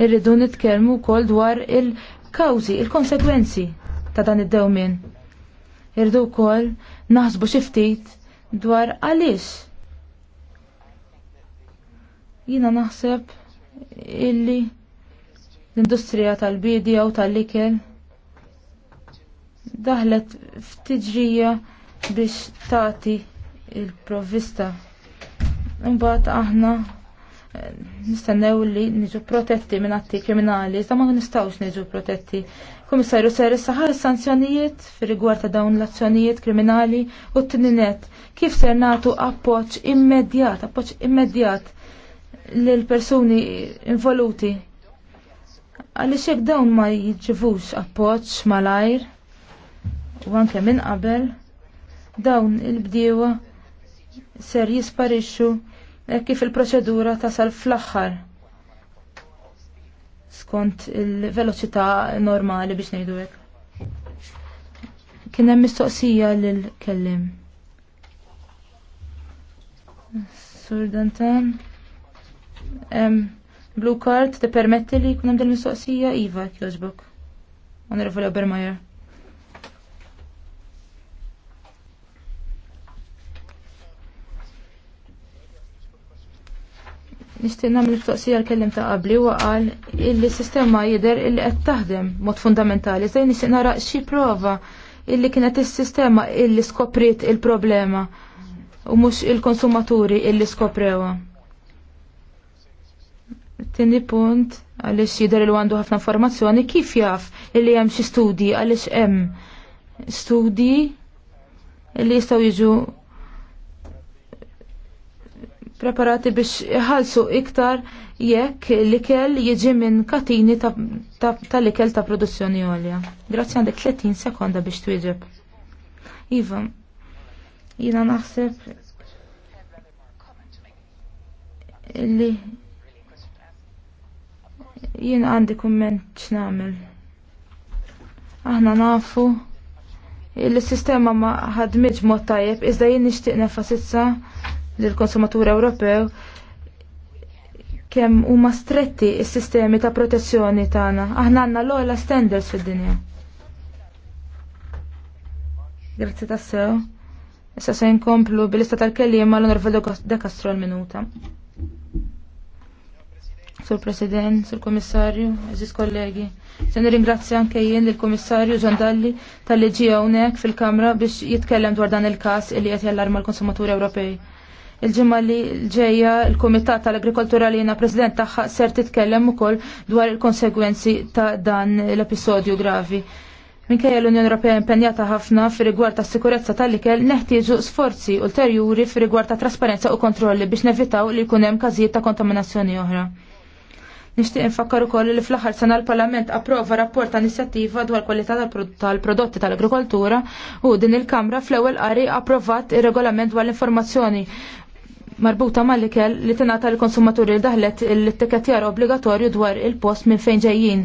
Irridu nitkellmu wkoll dwar il- kawzi kawżi il-konsegwenzi ta' dan id-dewmin. Irdu wkoll naħsbu xi ftit dwar għaliex. Jiena naħseb illi l-industrija tal-bidja u tal-likel daħlet ftiġrija biex tagħti il-provvista. Imbagħad aħna nistennew li niġu protetti minn atti kriminali, sa ma nistawx niġu protetti. Komissarju ser saħar sanzjonijiet fir rigward ta' dawn l-azzjonijiet kriminali u t-tininet kif ser natu appoċ immedjat, appoċ immedjat lil persuni involuti. Għalli xek dawn ma jġivux appoċ malajr u anke minn qabel dawn il-bdiewa ser jisparixxu Eh, kif il-proċedura tasal fl-aħħar skont il-veloċità normali biex ngħidu hekk. Kien hemm mistoqsija lil kellim. Sur Dantan. Um, blue card te permetti li jkun hemm din mistoqsija Iva jogħġbok. Onorevoli Obermeyer. Nixtieq nagħmel mistoqsija l-kellim ta' qabli u qal illi sistema jidher illi qed taħdem mod fundamentali. Zej nixtieq nara xi prova illi kienet is-sistema illi skoprit il-problema u mhux il-konsumaturi illi skoprewa. Tieni punt għaliex jidher il għandu ħafna informazzjoni kif jaf illi hemm xi studji għaliex hemm studji illi jistgħu jiġu preparati biex iħalsu iktar jekk l-ikel jiġi minn katini tal-ikel ta' produzzjoni għolja. Grazzi għandek 30 sekonda biex twieġeb. Iva, jina naħseb li jina għandi kumment x'namel. Aħna nafu il-sistema ma ħadmitx mod tajjeb iżda jien nixtieq nefasizza lill-konsumatur Ewropew kemm huma stretti s-sistemi ta' protezzjoni tagħna. Aħna għandna l-ogħla standards fid-dinja. Grazzi tassew. Issa se nkomplu bil-lista tal-kelliem mal onorevole De Castro l-minuta. Sur President, Sur Komissarju, eżis kollegi. Se nirringrazzja anke jien lill-Komissarju Zondalli tal-liġi hawnhekk fil-Kamra biex jitkellem dwar dan il-każ li qed jallarma l-konsumaturi Ewropej. Il-ġimgħa li ġejja l-Kumitat tal-Agrikoltura li jena President tagħha ser titkellem ukoll dwar il-konsegwenzi ta' dan l-episodju gravi. Minkejja l-Unjoni Ewropea impenjata ħafna fir rigward tas sikurezza tal-ikel neħtieġu sforzi ulterjuri fir rigward ta' trasparenza u kontrolli biex nevitaw li jkun hemm każijiet ta' kontaminazzjoni oħra. Nixtieq infakkar ukoll li fl-aħħar sena l-Parlament approva rapport ta' inizjattiva dwar kwalità tal-prodotti tal-agrikoltura u din il-Kamra fl-ewwel qari approvat ir-regolament dwar l-informazzjoni marbuta mal-ikel li tingħata l-konsumaturi li daħlet l-tikketjar obbligatorju dwar il-post minn fejn ġejjin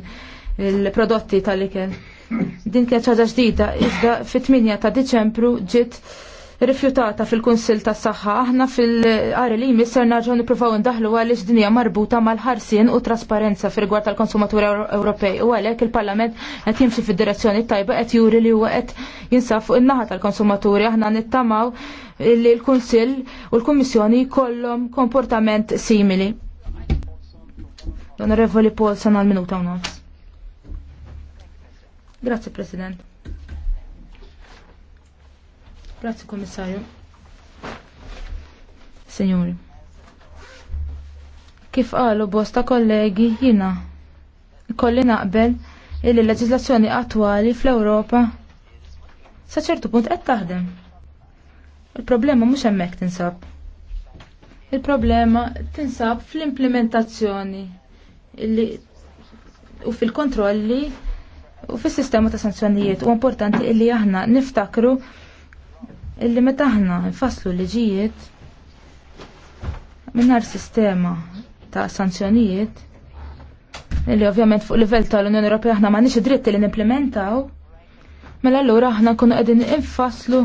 il-prodotti tal-ikel. Din kienet ħaġa ġdida, iżda fit-8 ta' Diċembru ġiet rifjutata fil-Kunsil tas saħħa aħna fil-qari li jmisser narġaw nippruvaw indaħlu għaliex dinja marbuta mal-ħarsien u trasparenza fil rigward tal-konsumaturi Ewropej u għalhekk il-Parlament qed jimxi fid-direzzjoni tajba qed juri li huwa qed jinsab fuq in-naħa tal-konsumaturi aħna nittamaw li l-Kunsil u l-Kummissjoni jkollhom komportament simili. L-Onorevoli Paul, sana minuta u nofs. Grazie, President. Grazzi Komissarju. Senjuri. Kif qalu bosta kollegi jina kolli naqbel illi l-leġislazzjoni attwali fl-Ewropa sa ċertu punt qed taħdem. Il-problema mhux hemmhekk tinsab. Il-problema tinsab fl-implementazzjoni illi u fil-kontrolli u fis-sistema ta' sanzjonijiet u importanti illi aħna niftakru illi meta aħna nfasslu liġijiet minnar sistema ta' sanzjonijiet illi ovvjament fuq livell tal-Unjoni Ewropea aħna m'għandniex dritt li nimplementaw, mela allura aħna nkunu qegħdin infasslu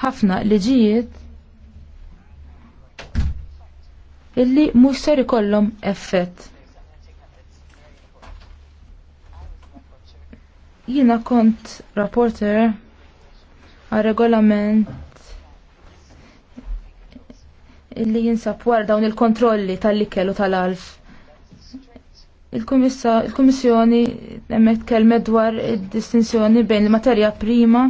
ħafna liġijiet illi mhux ser ikollhom effett. Jiena kont rapporter għal regolament illi jinsab wara dawn il-kontrolli tal-ikel u tal-alf. Il-Kummissjoni hemmhekk tkellmet dwar id-distinzjoni bejn il-materja prima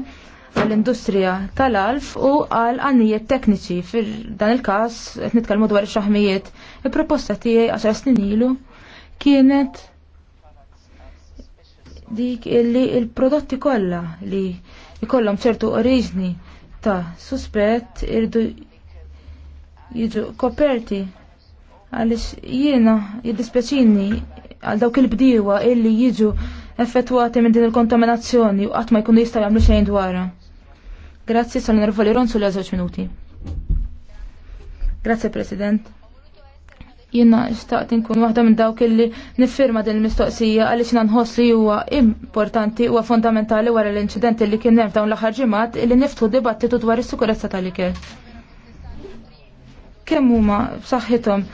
għall-industrija tal-alf u għal għannijiet tekniċi. Fir dan il-każ qed nitkellmu dwar ix-xaħmijiet. Il-proposta tiegħi 10 snin ilu kienet dik illi il-prodotti kollha li jkollhom ċertu oriġni ta' suspett irdu jiġu koperti għalix jiena jiddispeċini għal dawk il bdiwa illi jiġu effettuati minn din il-kontaminazzjoni u għatma jkunu jistaw jagħmlu xejn dwarha. Grazzi sal nervoli ronzu l żewġ minuti. Grazzi President. Jiena xtaqt inkun waħda minn dawk illi niffirma din il-mistoqsija għaliex nħoss li huwa importanti huwa fondamentali wara l-inċident li kien hemm dawn l-aħħar ġimgħat illi niftħu dibattitu dwar is-sikurezza tal-ikel kemm huma b'saħħithom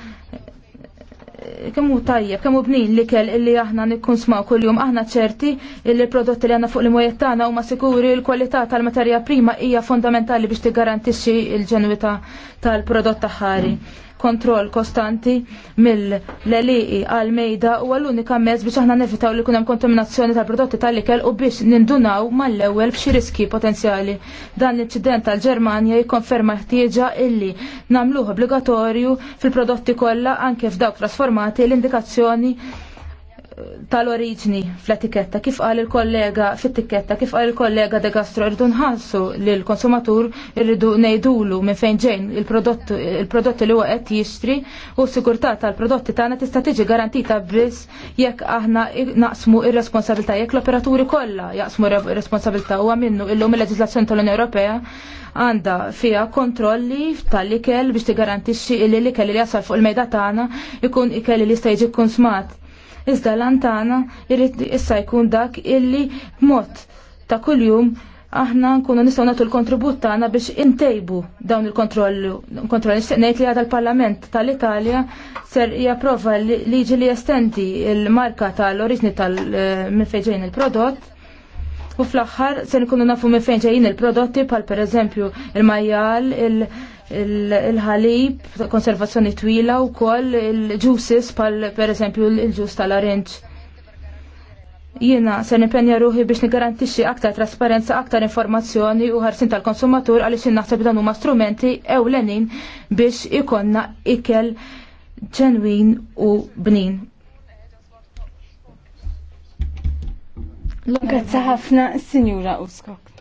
kemm hu tajjeb, kemm hu bnin l kell illi aħna nikkun smaw kuljum aħna ċerti illi l-prodotti li għandna fuq l-imwajiet tagħna huma sikuri l-kwalità tal-materja prima hija fondamentali biex tiggarantixxi l-ġenwità tal-prodott taħħari kontroll kostanti mill-leliqi għal-mejda e u għall-unika mezz biex aħna nevitaw li kunem kontaminazzjoni tal-prodotti tal-ikel u biex nindunaw mal-ewel b'xi riski potenzjali. Dan l-inċident tal-Ġermanja jikkonferma ħtieġa illi namluħ obbligatorju fil-prodotti kollha anke f'dawk trasformati l-indikazzjoni tal-oriġni fl-etiketta, kif qal il-kollega fit-tiketta, kif qal il-kollega de gastro, irridu nħassu li l-konsumatur irridu nejdulu minn fejn ġejn il-prodotti il li huwa qed jixtri u sigurtà tal-prodotti tagħna tista' tiġi garantita biss jekk aħna naqsmu ir-responsabilità jekk l-operaturi kollha jaqsmu ir-responsabilità huwa minnu illum il leġislazzjoni tal-Unjoni Ewropea għanda fija kontrolli tal-ikel biex tigarantixxi li l-ikel li jasal fuq il-mejda tagħna ikun ikel li jista' jiġi konsumat iżda l-antana jrid issa jkun dak illi mod ta' kuljum aħna nkunu nistgħu nagħtu l-kontribut tagħna biex intejbu dawn il-kontroll ngħid li għadha l-Parlament tal-Italja ser japprova liġi li jestendi il-marka tal-oriġni tal-minn eh, fejn il-prodott u fl-aħħar se nkunu nafu minn fejn ġejjin il-prodotti bħal pereżempju il-majjal, il-, -majjal, il il-ħalib, konservazzjoni twila u koll il-ġusis pal per esempio il-ġus tal-arenċ. Jiena se nipenja ruħi biex nigarantixxi aktar trasparenza, aktar informazzjoni u ħarsin tal-konsumatur għaliex innaħseb dan huma strumenti ewlenin biex ikonna ikel ġenwin u bnin. Grazzi ħafna, Sinjura Uskok.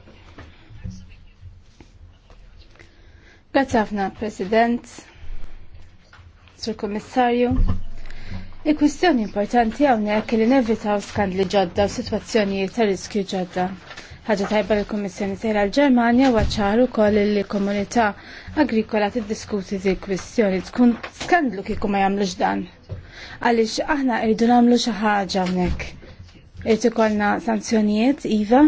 Grazie ħafna, President, Sur Kommissarju. Il-kwistjoni importanti hawnhekk li nevitaw skandli ġodda u sitwazzjonijiet ta' riskju ġodda. Ħaġa tajba l-Kummissjoni sejra l-Ġermanja waċċar ukoll li l-komunità agrikola tiddiskuti di kwistjoni tkun skandlu kieku ma jagħmlux dan. Għaliex aħna rridu nagħmlu xi ħaġa hawnhekk. kolna ikollna sanzjonijiet iva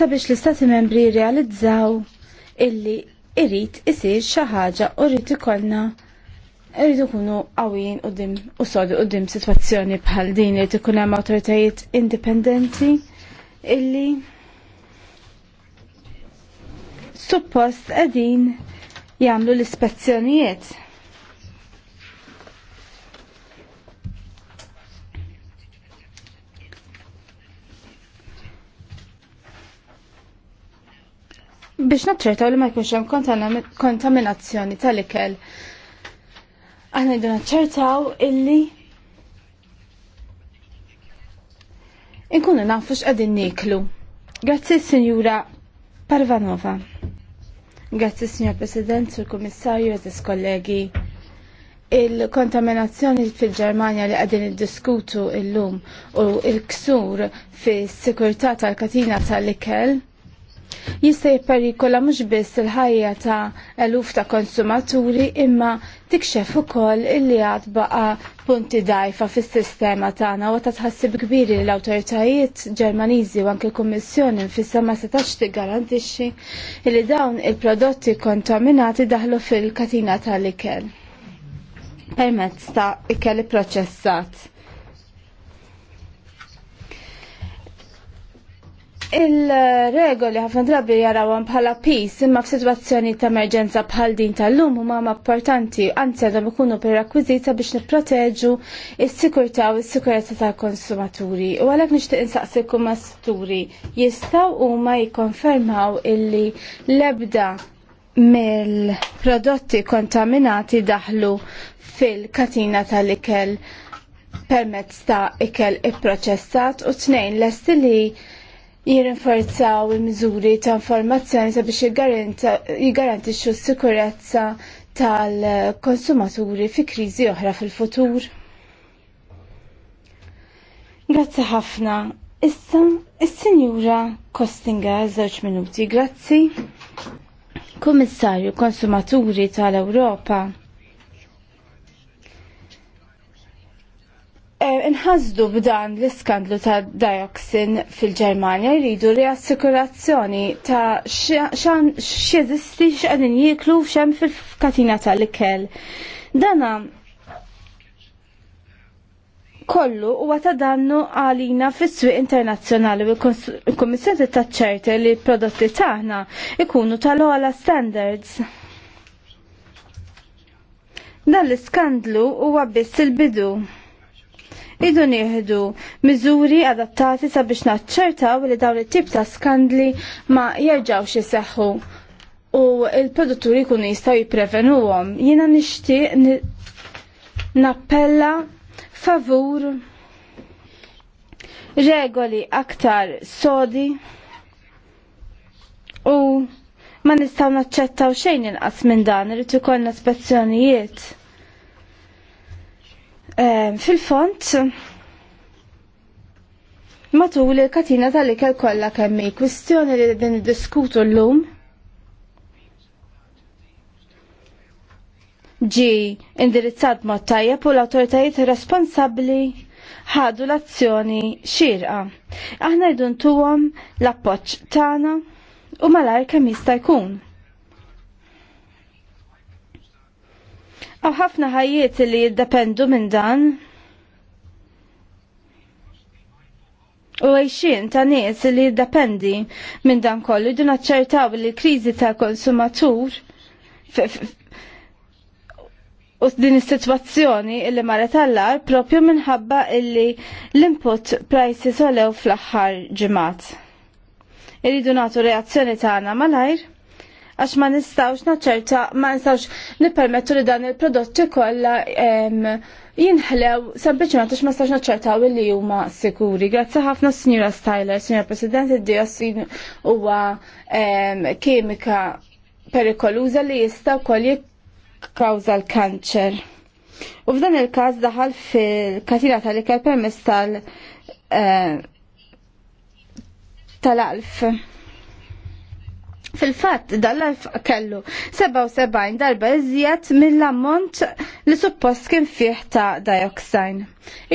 sabiex l-istati membri realizzaw illi irrit isir xi ħaġa u rrid ikollna irrid ikunu qawwin qudiem u sodi qudiem sitwazzjoni bħal din irid ikun hemm awtoritajiet indipendenti illi suppost qegħdin jagħmlu l-ispezzjonijiet. biex naċċertaw li ma jkunx hemm kontaminazzjoni tal-ikel. Aħna jdu naċċertaw illi inkunu nafu x'qegħdin niklu. Grazzi Sinjura Parvanova. Grazzi Sinjur President, Sur Kummissarju, Eżis kollegi. Il-kontaminazzjoni fil-Ġermanja li qegħdin iddiskutu illum u l-ksur fis-sikurtà tal-katina tal-ikel jista' jipperikola mhux biss il-ħajja ta' eluf ta' konsumaturi imma tikxef ukoll illi għad baqa' punti dajfa fis-sistema tagħna u ta' tħassib kbiri l awtoritajiet Ġermaniżi u anke l-Kummissjoni nfissa ma setax tiggarantixxi li dawn il-prodotti kontaminati daħlu fil-katina tal-ikel permezz ta' ikel proċessat Il-regoli ħafna drabi jarawhom bħala pis imma f'sitwazzjoni ta' emerġenza bħal din tal-lum huma importanti anzi għadhom ikunu prerakwiżita biex nipproteġu s-sikurtà u s-sikurezza tal-konsumaturi. U għalhekk nixtieq insaqsikum mas jistgħu huma jikkonfermaw illi l-ebda mill-prodotti kontaminati daħlu fil-katina tal-ikel permezz ta' ikel ipproċessat u tnejn lesti li jirinforzaw il-mizuri ta' informazzjoni sabiex jgarantixxu s-sikurezza tal-konsumaturi fi kriżi oħra fil-futur. Grazzi ħafna. Issa, is-Sinjura Kostinga, żewġ minuti, grazzi. Kommissarju Konsumaturi tal-Ewropa Eh, inħazdu b'dan l-iskandlu ta' dioxin fil ġermania jridu riassikurazzjoni ta' xeżisti xan jieklu f'xemm fil-katina tal-ikel. Dana kollu huwa ta' dannu għalina fis-swieq internazzjonali u l-Kummissjoni taċċerti li l-prodotti tagħna ikunu tal għala standards. Dan l-iskandlu huwa biss il-bidu idu nieħdu miżuri adattati sabiex naċċertaw li dawn it-tip ta' skandli ma jerġgħux iseħħu u il-produtturi jkunu jistgħu jipprevenuhom. Jiena nixtieq nappella favur regoli aktar sodi u ma nistgħu naċċettaw xejn inqas minn dan irid ikollna spezzjonijiet Ehm, fil-font, matul il-katina tal-ikel kollha kemm hi kwistjoni li din diskutu llum. Ġi indirizzat mod tajjeb u l-awtoritajiet responsabbli ħadu l-azzjoni xirqa. Aħna jduntuhom l-appoġġ tagħna u malajr kemm jista' jkun. Aw ħafna ħajiet li jiddependu minn dan. U għajxin ta' nies li jiddependi minn dan kollu jdu naċċertaw li l-kriżi ta' konsumatur u din is-sitwazzjoni li marret allar propju minħabba illi l-input prices olew fl-aħħar ġimgħat. Iridu nagħtu reazzjoni tagħna malajr għax ma nistawx naċerta ma nistawx nippermettu li dan il-prodotti kollha jinħlew sempliċement għax ma nistawx naċċertaw li huma sikuri. Grazzi ħafna Sinjura Styler, Sinjura President, id-diossin huwa kimika perikoluża li jista' wkoll jikkawża l-kanċer. U f'dan il-każ daħal fil-katina tal-ikel permess tal- tal-alf fil-fatt dal-alf kellu 77 darba iżjed mill-ammont li suppost kien fih ta' dioxin.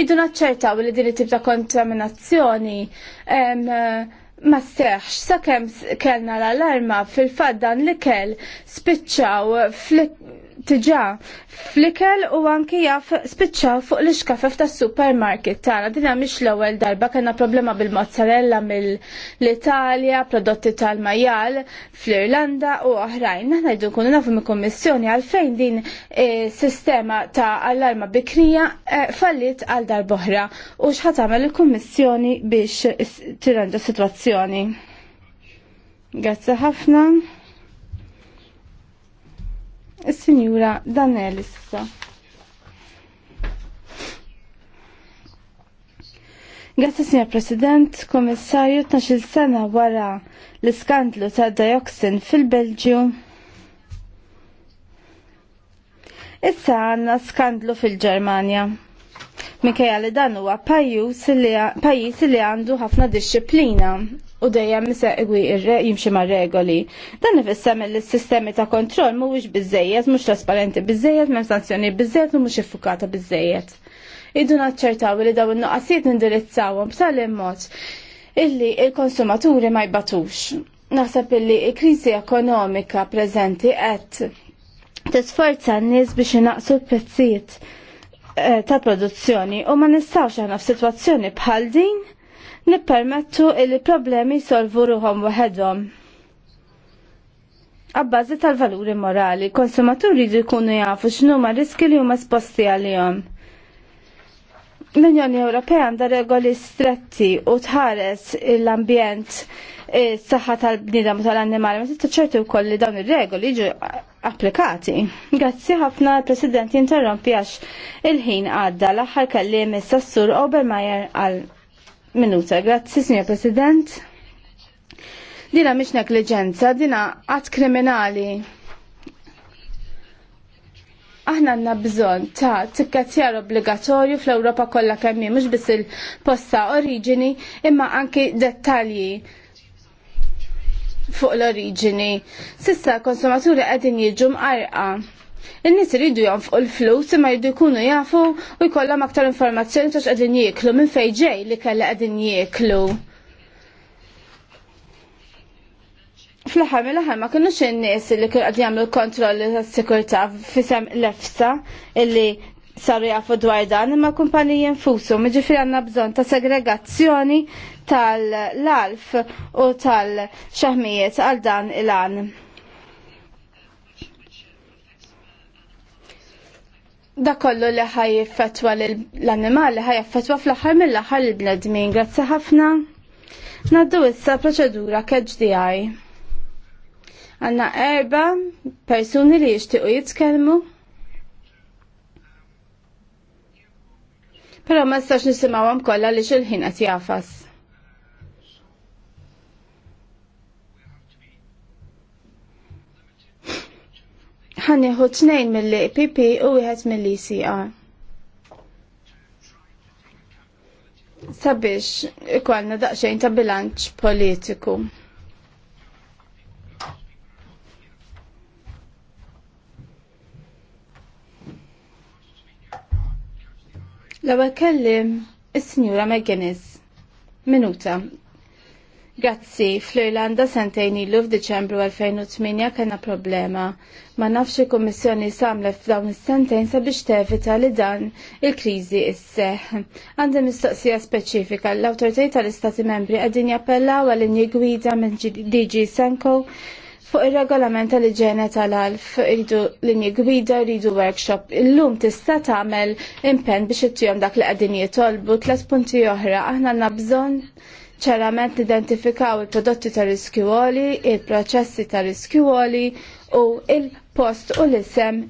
Idu naċċertaw li din it-tip ta' kontaminazzjoni ma seħx sakemm kellna l-alarma fil-fatt dan li kell spiċċaw tiġa flikel u anki jaf spiċċaw fuq l-iskafef tas supermarket Tana Dina mish l-ewwel darba kellna problema bil-mozzarella mill-Italja, prodotti tal-majjal fl-Irlanda u oħrajn. Aħna jdu nkunu nafu mill kommissjoni għalfejn din eh, sistema ta' allarma bikrija eh, fallit għal darb'oħra u x'ħat għamel il-Kummissjoni biex tirranġa situazzjoni. Grazzi ħafna. Is-Sinjura Danel issa. Grazie, signor President, Komissarju, il sena wara l-iskandlu ta' dioxin fil-Belġju. Issa għanna skandlu fil-Germania. Mikajali li dan huwa pajjiż li għandu ħafna disċiplina u dejjem segwi jimxi ma' regoli. Dan ifissem li s-sistemi ta' kontroll mhuwiex biżejjed, mhux trasparenti biżejjed, m'hemm sanzjoni biżejjed u mhux iffukata biżejjed. Idu naċċertaw li daw in-nuqqasijiet indirizzawhom b'tal mod illi il-konsumaturi ma jbatux. Naħseb illi il-kriżi ekonomika preżenti qed tisforza n-nies biex inaqsu l-prezzijiet eh, ta' produzzjoni u ma nistawx aħna f'sitwazzjoni bħal din nippermettu il-problemi solvu ruhom waħedhom. Abbażi tal-valuri morali, konsumaturi jridu jkunu jafu ma' riski li huma sposti għalihom. L-Unjoni Ewropea għandha regoli stretti u tħares l-ambjent s-saħħa tal-bnidem tal-annimali, ma tista' ċertu wkoll li dawn ir-regoli jiġu applikati. Grazzi ħafna l-President jinterrompi għax il-ħin għadda l-aħħar kelliem is s-sur Obermeyer għal Minuta, grazzi, signor President. Dina mish negliġenza, dina għat kriminali. Aħna għanna bżon ta' tikkatjar obbligatorju fl-Europa kollha kemm mhux biss il-posta oriġini imma anki dettalji fuq l-oriġini. Sissa konsumaturi qegħdin jiġu mqarqa In-nies iridu jonfqu l-flus imma jridu jkunu jafu u jkollhom aktar informazzjoni tax qegħdin jieklu minn fejn ġej li kellha qegħdin jieklu. fl ħamil ħar ma kienux in-nies li kienu qed jagħmlu kontrolli tas-sikurtà fisem l-efsa illi saru jafu dwar dan imma kumpaniji infushom, jiġifieri għandna bżonn ta' segregazzjoni tal-alf u tal-xaħmijiet għal dan il-għan. da kollu li ħaj fetwa l-animali ħaj fetwa fl ħar mill ħar l-bnedmin. Grazzi ħafna. Naddu issa proċedura KHDI. Għanna erba persuni li jishtiqu jitkelmu. Pero ma nistax nisimawam kolla li xilħin għat jafas. t-nejn mill-PP u wieħed mill CR. Sabiex ikollna daqsxejn ta' bilanċ politiku. L-ewwel kellim is-Sinjura McGuinness. Minuta, Grazzi, fl-Irlanda sentejn ilu f'Diċembru 2008 kena problema. Ma nafx il-Kommissjoni samle f'dawn is-sentejn sabiex tevita li dan il-kriżi isseħ. Għandi mistoqsija speċifika l-awtoritajiet tal-Istati Membri qegħdin jappellaw għal linji gwida minn DG Senko fuq ir-regolament tal ġene tal-alf l linji gwida iridu workshop. Illum tista' tagħmel impenn biex ittihom dak li qegħdin jitolbu tliet punti oħra aħna nabżon bżonn ċerament identifikaw il-prodotti ta' riskju għoli, il-proċessi ta' riskju għoli u il-post u l-isem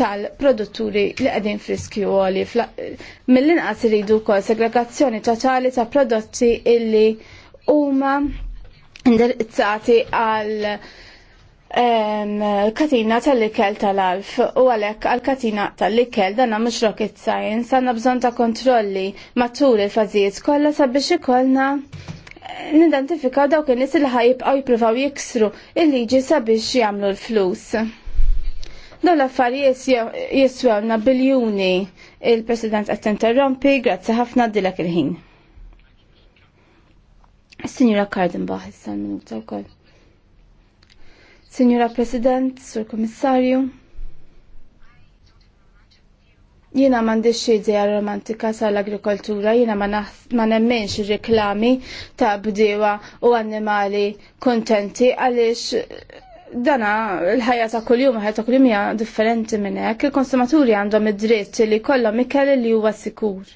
tal-produtturi li għedin friskju għoli. Mill-inqas rridu kol segregazzjoni totali ta' prodotti illi huma indirizzati għal katina tal-ikel tal-alf u għalek għal-katina tal-ikel dana mux rocket science għanna bżon ta' kontrolli matul il-fazijiet kolla sabiex ikollna nidentifikaw dawk in-nies li ħajibqgħu jippruvaw jiksru il-liġi sabiex jagħmlu l-flus. Dawn l-affarijiet jiswewna biljuni il-President qed tinterrompi, grazzi ħafna dilek il-ħin. Signora Kardenbach issa minuta wkoll. Signora President, Sur Kommissarju, Jiena m'għandix xi idea romantika sal-agrikoltura, jiena ma nemmenx riklami ta' bdewa u annimali kontenti għaliex dana l-ħajja ta' kuljum, ħajja ta' kuljum hija differenti minn hekk. Il-konsumaturi għandhom id-dritt li kollhom ikel li huwa sikur.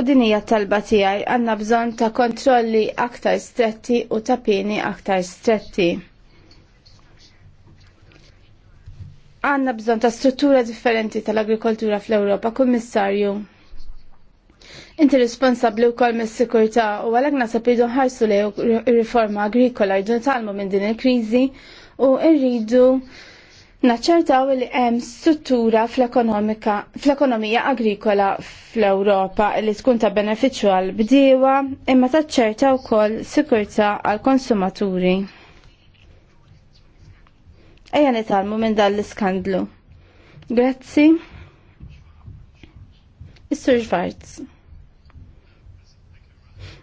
U din hija talba tiegħi għandna bżonn ta' kontrolli aktar stretti u ta' pieni aktar stretti. għanna bżon ta' struttura differenti tal-agrikoltura fl-Europa, kummissarju. Inti responsabli wkoll mis-sikurtà u għalhekk nasab irridu nħarsu li riforma agrikola rridu talmu minn din il-kriżi u rridu naċċertaw li hemm struttura fl-ekonomija agrikola fl-Ewropa li tkun ta' benefiċċju għall bdiewa imma taċċerta wkoll sikurtà għall konsumaturi. Ejja nitalmu minn dan l-iskandlu. Grazzi. Mr. Schwartz.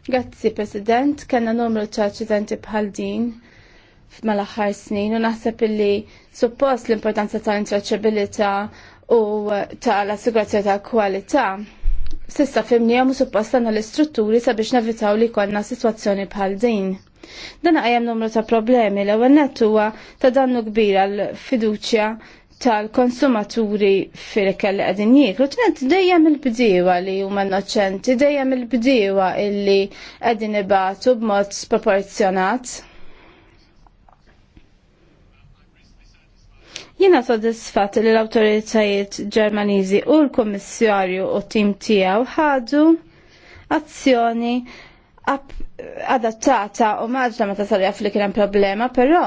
Grazzi, President. Kenna numru ta' bħal din mal-aħħar snin u naħseb illi suppost l-importanza ta' intraċabilita u tal-assigurazzjoni ta' kwalità sissa fimni u suppost għanna l-istrutturi sabiex nevitaw li konna situazzjoni bħal din. Dan għajem numru ta' problemi l ewwel huwa ta' dannu kbir għal fiduċja tal-konsumaturi fil-kell li għadin jieklu. Tnent dejjem il-bdiewa li huma noċenti, dejjem il-bdiewa illi għadin ibatu b'mod sproporzjonat. Jina soddisfat li l-autoritajiet ġermaniżi u l komissjarju u tim tiegħu ħadu azzjoni adattata u maġna ma tasal jaf li kien problema, però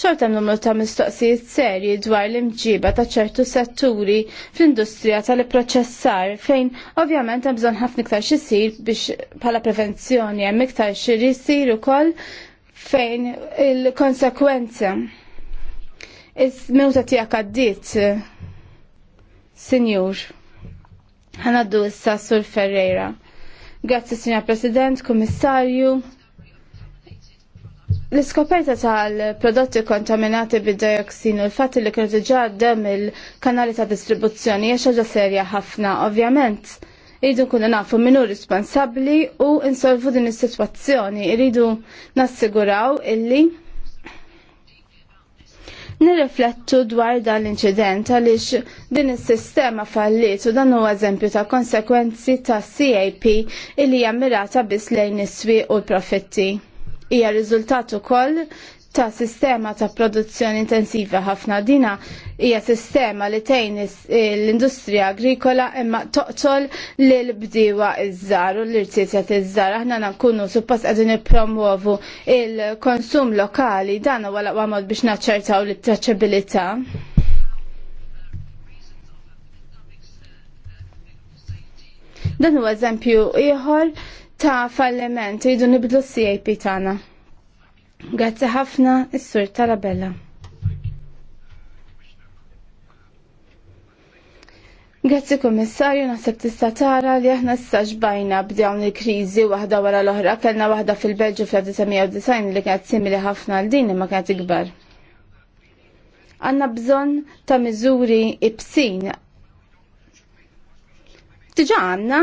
xorta numru ta' mistoqsijiet serji dwar l-imġiba ta' ċertu setturi fl-industrija tal-proċessar fejn ovvjament hemm bżonn ħafna iktar xisir biex bħala prevenzjoni hemm iktar xir jisir ukoll fejn il-konsekwenza. Is-mewta tiegħek għaddiet, Sinjur. Ħanaddu issa Sur Ferreira. Grazzi, Signor President, Kommissarju. L-iskoperta tal-prodotti kontaminati bid u il-fatt li kienu diġà dem il-kanali ta' distribuzzjoni hija xaġa serja ħafna, ovvjament. Iridu nkunu nafu minnu responsabbli u insolvu din is-sitwazzjoni, iridu nassiguraw illi nirriflettu dwar dan l-inċident għaliex din is-sistema fallit u dan huwa eżempju ta' konsekwenzi ta' CAP illi hija mirata biss lejn is-swieq u l-profitti. Hija riżultat ukoll ta' sistema ta' produzzjoni intensiva ħafna dina hija sistema li tgħin l-industrija agrikola imma toqtol lil bdiewa iż-żar u l-irtizjat iż-żar. Aħna nkunu suppost qegħdin nippromuovu il-konsum lokali dan huwa laqwa mod biex naċċertaw l-traċċabilità. Dan huwa eżempju ieħor ta' falliment, jridu nibdlu s-CAP tagħna. Grazzi ħafna, is-sur Tarabella. Grazzi kummissarju, naħseb tista' tara li aħna issa xbajna b'dawn il-kriżi waħda wara l-oħra, kellna waħda fil-Belġu fl-1990 li kienet simili ħafna għal din imma kienet ikbar. Għanna bżonn ta' miżuri ibsin Tiġa għanna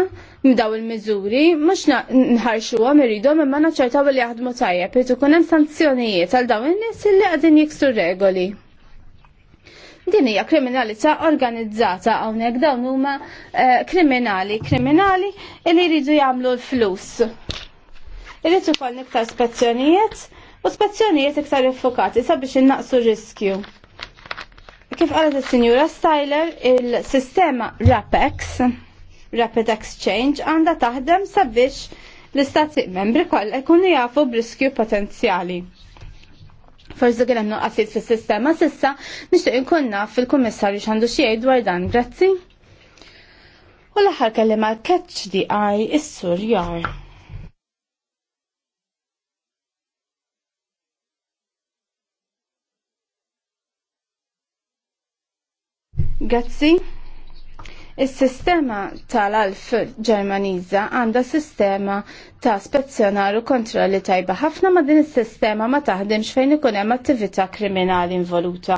daw il-miżuri mhux nħarxuhom irridhom imma naċċertaw li jaħdmu tajjeb irid ikun hemm sanzjonijiet għal dawn in-nies li għadin jiksu regoli. Din hija kriminalità organizzata hawnhekk dawn huma eh, kriminali, kriminali li jridu jagħmlu l-flus. Irid ukoll iktar spezzjonijiet u spezzjonijiet iktar infokati sabiex innaqsu riskju. Kif qalet is-Sinjura Styler, il-sistema RAPEX Rapid Exchange għandha taħdem sabiex l-istati membri kollha li jafu b'riskju potenzjali. Forsi kien hemm nuqqasijiet fis-sistema s'issa nixtieq inkun naf fil-kummissarju x'għandu xi jgħid dwar dan, grazzi. U l-aħħar kellima catch di għaj is-sur jar. Grazzi. Is-sistema tal-alf Ġermaniża għandha sistema ta' spezzjonar u kontrolli tajba ħafna ma' din is-sistema ma taħdimx fejn ikun hemm attività kriminali involuta.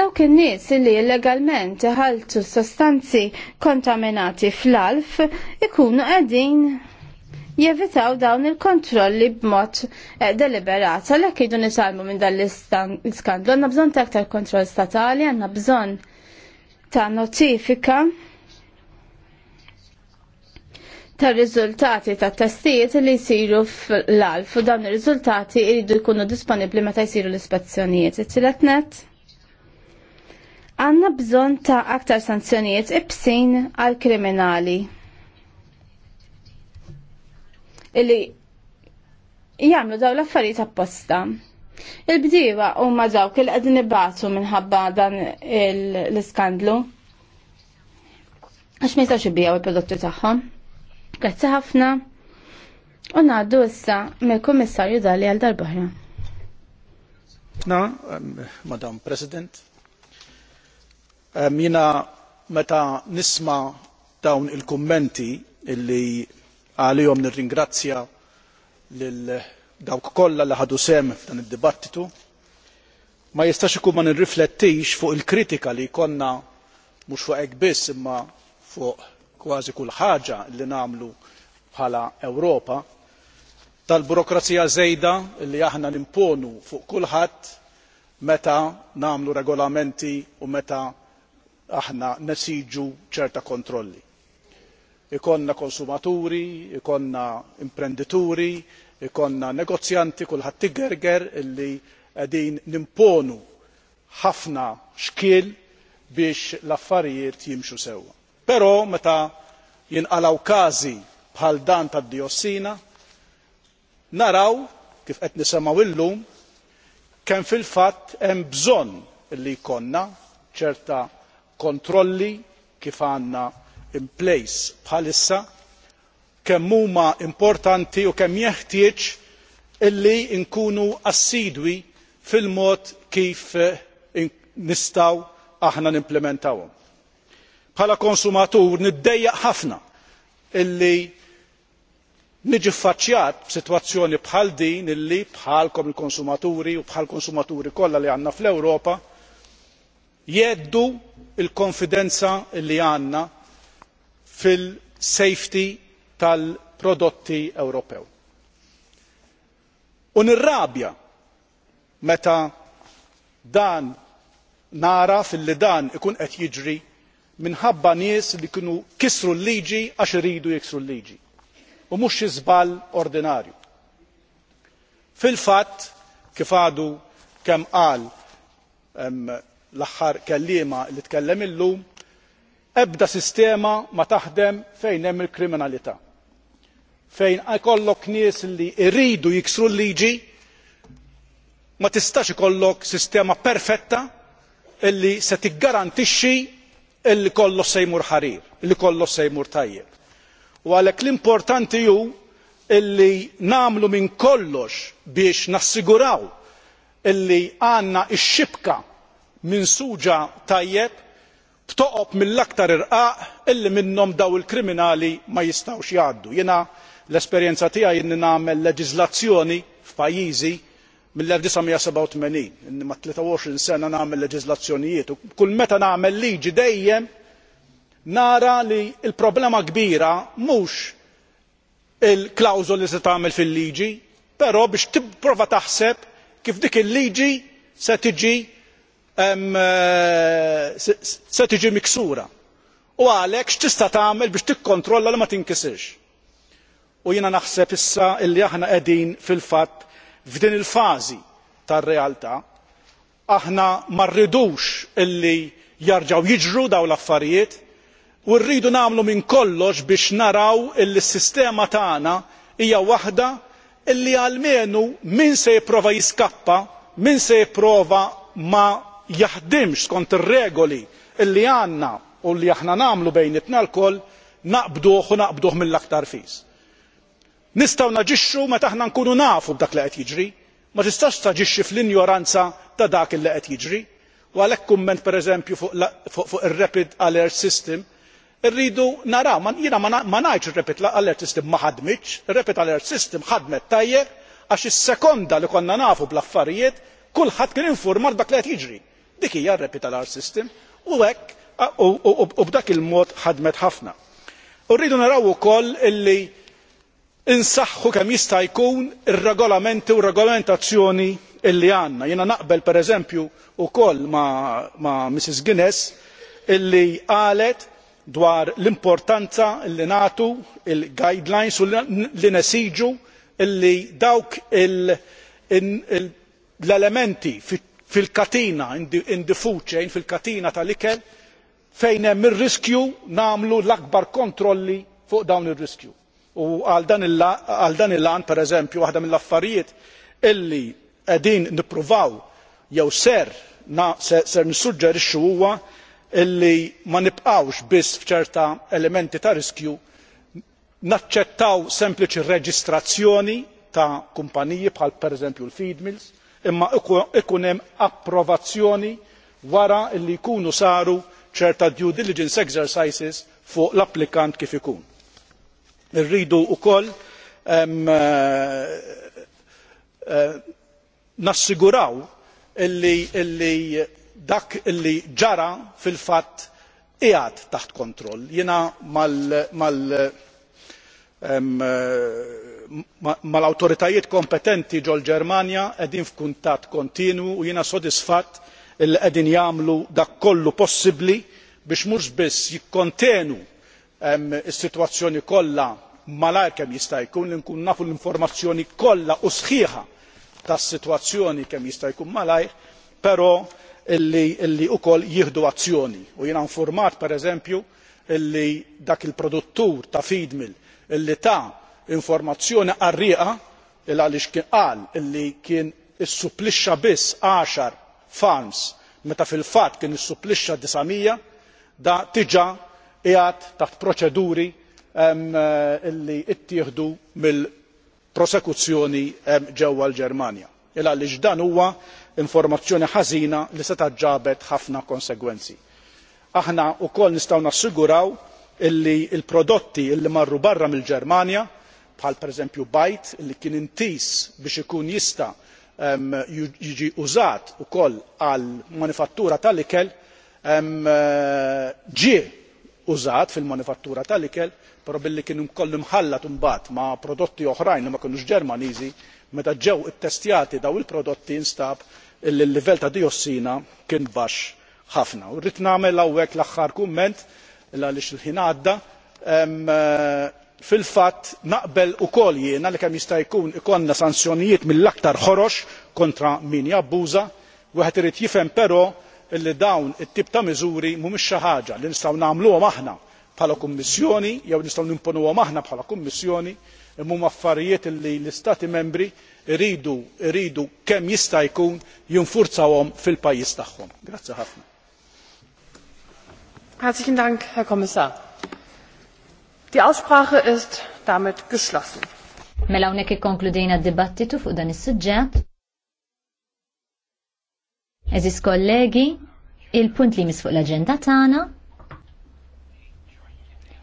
Dawk in-nies li illegalment ħaltu sostanzi kontaminati fl-alf ikunu qegħdin jevitaw dawn il-kontrolli b'mod eh, deliberat. Għalhekk jridu nisalmu minn dan l skandlu għandna bżonn ta' aktar kontroll statali, għandna bżonn ta' notifika ta' riżultati ta' testijiet li jisiru fl-alf u dawn ir-riżultati jridu jkunu disponibbli meta jisiru l-ispezzjonijiet. it net bżonn ta' aktar sanzjonijiet ibsin għal kriminali illi jagħmlu dawn l-affarijiet apposta. Il-bdiewa huma dawk kell qegħdin ibatu minħabba dan l-iskandlu. Għax ma jistgħux il-prodotti tagħhom. Grazzi ħafna. U ngħaddu issa mill-Kummissarju Dalli għal darbaħra. Na, Madam President, jina meta nisma dawn il-kummenti illi għalihom nirringrazzja lil dawk kollha li ħadu sehem f'dan id-dibattitu ma jistax ikun ma nirriflettix fuq il-kritika li jkollna mhux fuq hekk biss imma fuq kważi kull ħaġa li nagħmlu bħala Ewropa tal-burokrazija żejda li aħna nimponu fuq kulħadd meta nagħmlu regolamenti u meta aħna nesiġu ċerta kontrolli ikollna konsumaturi ikollna imprendituri ikollna negozjanti kulħadd igerger illi qegħdin nimponu ħafna xkiel biex l-affarijiet jimxu sewwa. Però meta jinqalgħu każi bħal dan tad-diossina naraw kif qed nisimgħu illum, kemm fil-fatt hemm bżonn li jkollna ċerta kontrolli kif għandna in place bħalissa kemm huma importanti u kemm jeħtieġ illi nkunu assidwi fil mod kif eh, nistgħu aħna nimplementawhom. Bħala konsumatur niddejjaq ħafna illi niġi ffaċċjat b'sitwazzjoni bħal din illi bħalkom il-konsumaturi u bħal konsumaturi kollha li għandna fl-Ewropa jgħeddu l konfidenza li għandna fil-safety tal-prodotti Ewropew. U nirrabja meta dan nara filli dan ikun qed jiġri minħabba nies li kienu kisru l-liġi għax iridu jiksru l-liġi u mhux xi żball ordinarju. Fil-fatt kif għadu kemm qal l-aħħar kelliema li tkellem illum ebda sistema ma taħdem fejn hemm il-kriminalità fejn ikollok nies li jridu jiksru l-liġi ma tistax ikollok sistema perfetta illi se tiggarantixxi illi kollox se jmur ħarir illi kollox se jmur tajjeb. U għalhekk l-importanti hu illi nagħmlu minn kollox biex nassiguraw illi għandna x-xibka minsuġa tajjeb ftoqob mill-aktar irqaq illi minnhom dawn il-kriminali ma jistgħux jgħaddu. Jiena l-esperjenza tiegħi inni nagħmel leġiżlazzjoni f'pajjiżi mill-1987 inni ma' 23 sena nagħmel leġiżlazzjonijiet u kull meta nagħmel liġi dejjem nara li l-problema kbira mhux il-klawżoli li se tagħmel fil-liġi però biex tipprova taħseb kif dik il-liġi se tiġi Eh, se tiġi miksura u għalhekk x'tista' tagħmel biex tikkontrolla li ma tinkisirx. U jiena naħseb issa li aħna qegħdin fil-fatt f'din il-fażi tar-realtà aħna ma rridux illi jarġgħu jiġru dawn l-affarijiet u rridu nagħmlu minn kollox biex naraw illi s-sistema tagħna hija waħda illi għalmenu min se jipprova jiskappa min se jipprova ma jaħdimx skont ir-regoli li għandna u li aħna nagħmlu bejnietna lkoll naqbduh u naqbduh mill-aktar fis. Nistgħu naġixxu meta aħna nkunu nafu b'dak li qed jiġri, ma tistax taġixxi fl-injoranza ta' dak li qed jiġri. U għalhekk kumment pereżempju fuq ir-Rapid Alert System irridu naraw jiena ma ngħidx ir-Rapid Alert System ma ħadmitx, ir-Rapid Alert System ħadmet tajjeb għax is-sekonda li konna nafu bl-affarijiet kulħadd kien infurmat dak li qed jiġri dik hija r tal-art system u hekk u b'dak il-mod ħadmet ħafna. U rridu naraw ukoll illi insaħħu kemm jista' jkun ir-regolamenti u regolamentazzjoni illi għandna. Jiena naqbel pereżempju ukoll ma, ma Mrs. Guinness illi qalet dwar l-importanza li nagħtu il-guidelines u li nesiġu illi dawk l-elementi il, il, il, fit fil-katina in the food chain fil-katina tal-ikel fejn hemm ir-riskju nagħmlu l-akbar kontrolli fuq dawn ir-riskju. U għal dan il-għan pereżempju waħda mill-affarijiet illi qegħdin nippruvaw jew ser ser nissuġġerixxu huwa illi ma nibqgħux biss f'ċerta elementi ta' riskju naċċettaw sempliċi reġistrazzjoni ta' kumpaniji bħal pereżempju l feed mills imma ikun hemm approvazzjoni wara li jkunu saru ċerta due diligence exercises fuq l-applikant kif ikun. Irridu wkoll eh, eh, nassiguraw illi dak illi ġara fil fatt qiegħed taħt kontroll. Jiena mal eh, mal awtoritajiet kompetenti ġol ġermanja qegħdin f'kuntatt kontinwu u jiena sodisfatt li qegħdin jagħmlu dak kollu possibbli biex mhux biss jikkontenu is-sitwazzjoni kollha malajr kemm jista' jkun li nkunu nafu l-informazzjoni kollha u sħiħa tas-sitwazzjoni kemm jista' jkun malajr però illi wkoll jieħdu azzjoni u jiena infurmat pereżempju illi dak il produttur ta' feed mill illi ta' informazzjoni qarrieqa il għaliex kien qal illi kien issupplixxa biss għaxar farms meta fil fatt kien issupplixxa 900 da diġà qiegħed taħt proċeduri eh, li ttieħdu mill prosekuzzjoni ġewwa l-ġermanja il għaliex dan huwa informazzjoni ħażina li seta' ġabet ħafna konsegwenzi. aħna wkoll nistgħu nassiguraw illi l prodotti illi marru barra mill ġermanja bħal pereżempju bajt li kien intis biex ikun jista' jiġi użat ukoll għal manifattura tal-ikel eh, ġie użat fil-manifattura tal-ikel però billi kien ukoll imħallat imbagħad ma' prodotti oħrajn li ma kinux ġermaniżi meta ġew ittestjati dawn il-prodotti nstab li l-livell ta' dijossina kien baxx ħafna. u rrid nagħmel hawnhekk l-aħħar kumment għaliex il ħin għadda eh, fil fatt naqbel ukoll jiena li kemm jista' jkun ikollna sanzjonijiet mill-aktar ħorox kontra min jabbuża wieħed irid jifhem però li dawn it-tip ta' miżuri mhumiex xi ħaġa li nistgħu nagħmluhom aħna bħala kummissjoni jew nistgħu nimponuhom aħna bħala kummissjoni imma huma affarijiet li l-istati membri iridu kemm jista' jkun jinfurzawhom fil-pajjiż tagħhom. Die Aussprache ist damit geschlossen. Mela hawnhekk ikkonkludejna d-dibattitu fuq dan is-suġġett. Eżis kollegi, il-punt li mis fuq l-aġenda tagħna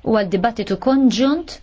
huwa d-dibattitu konġunt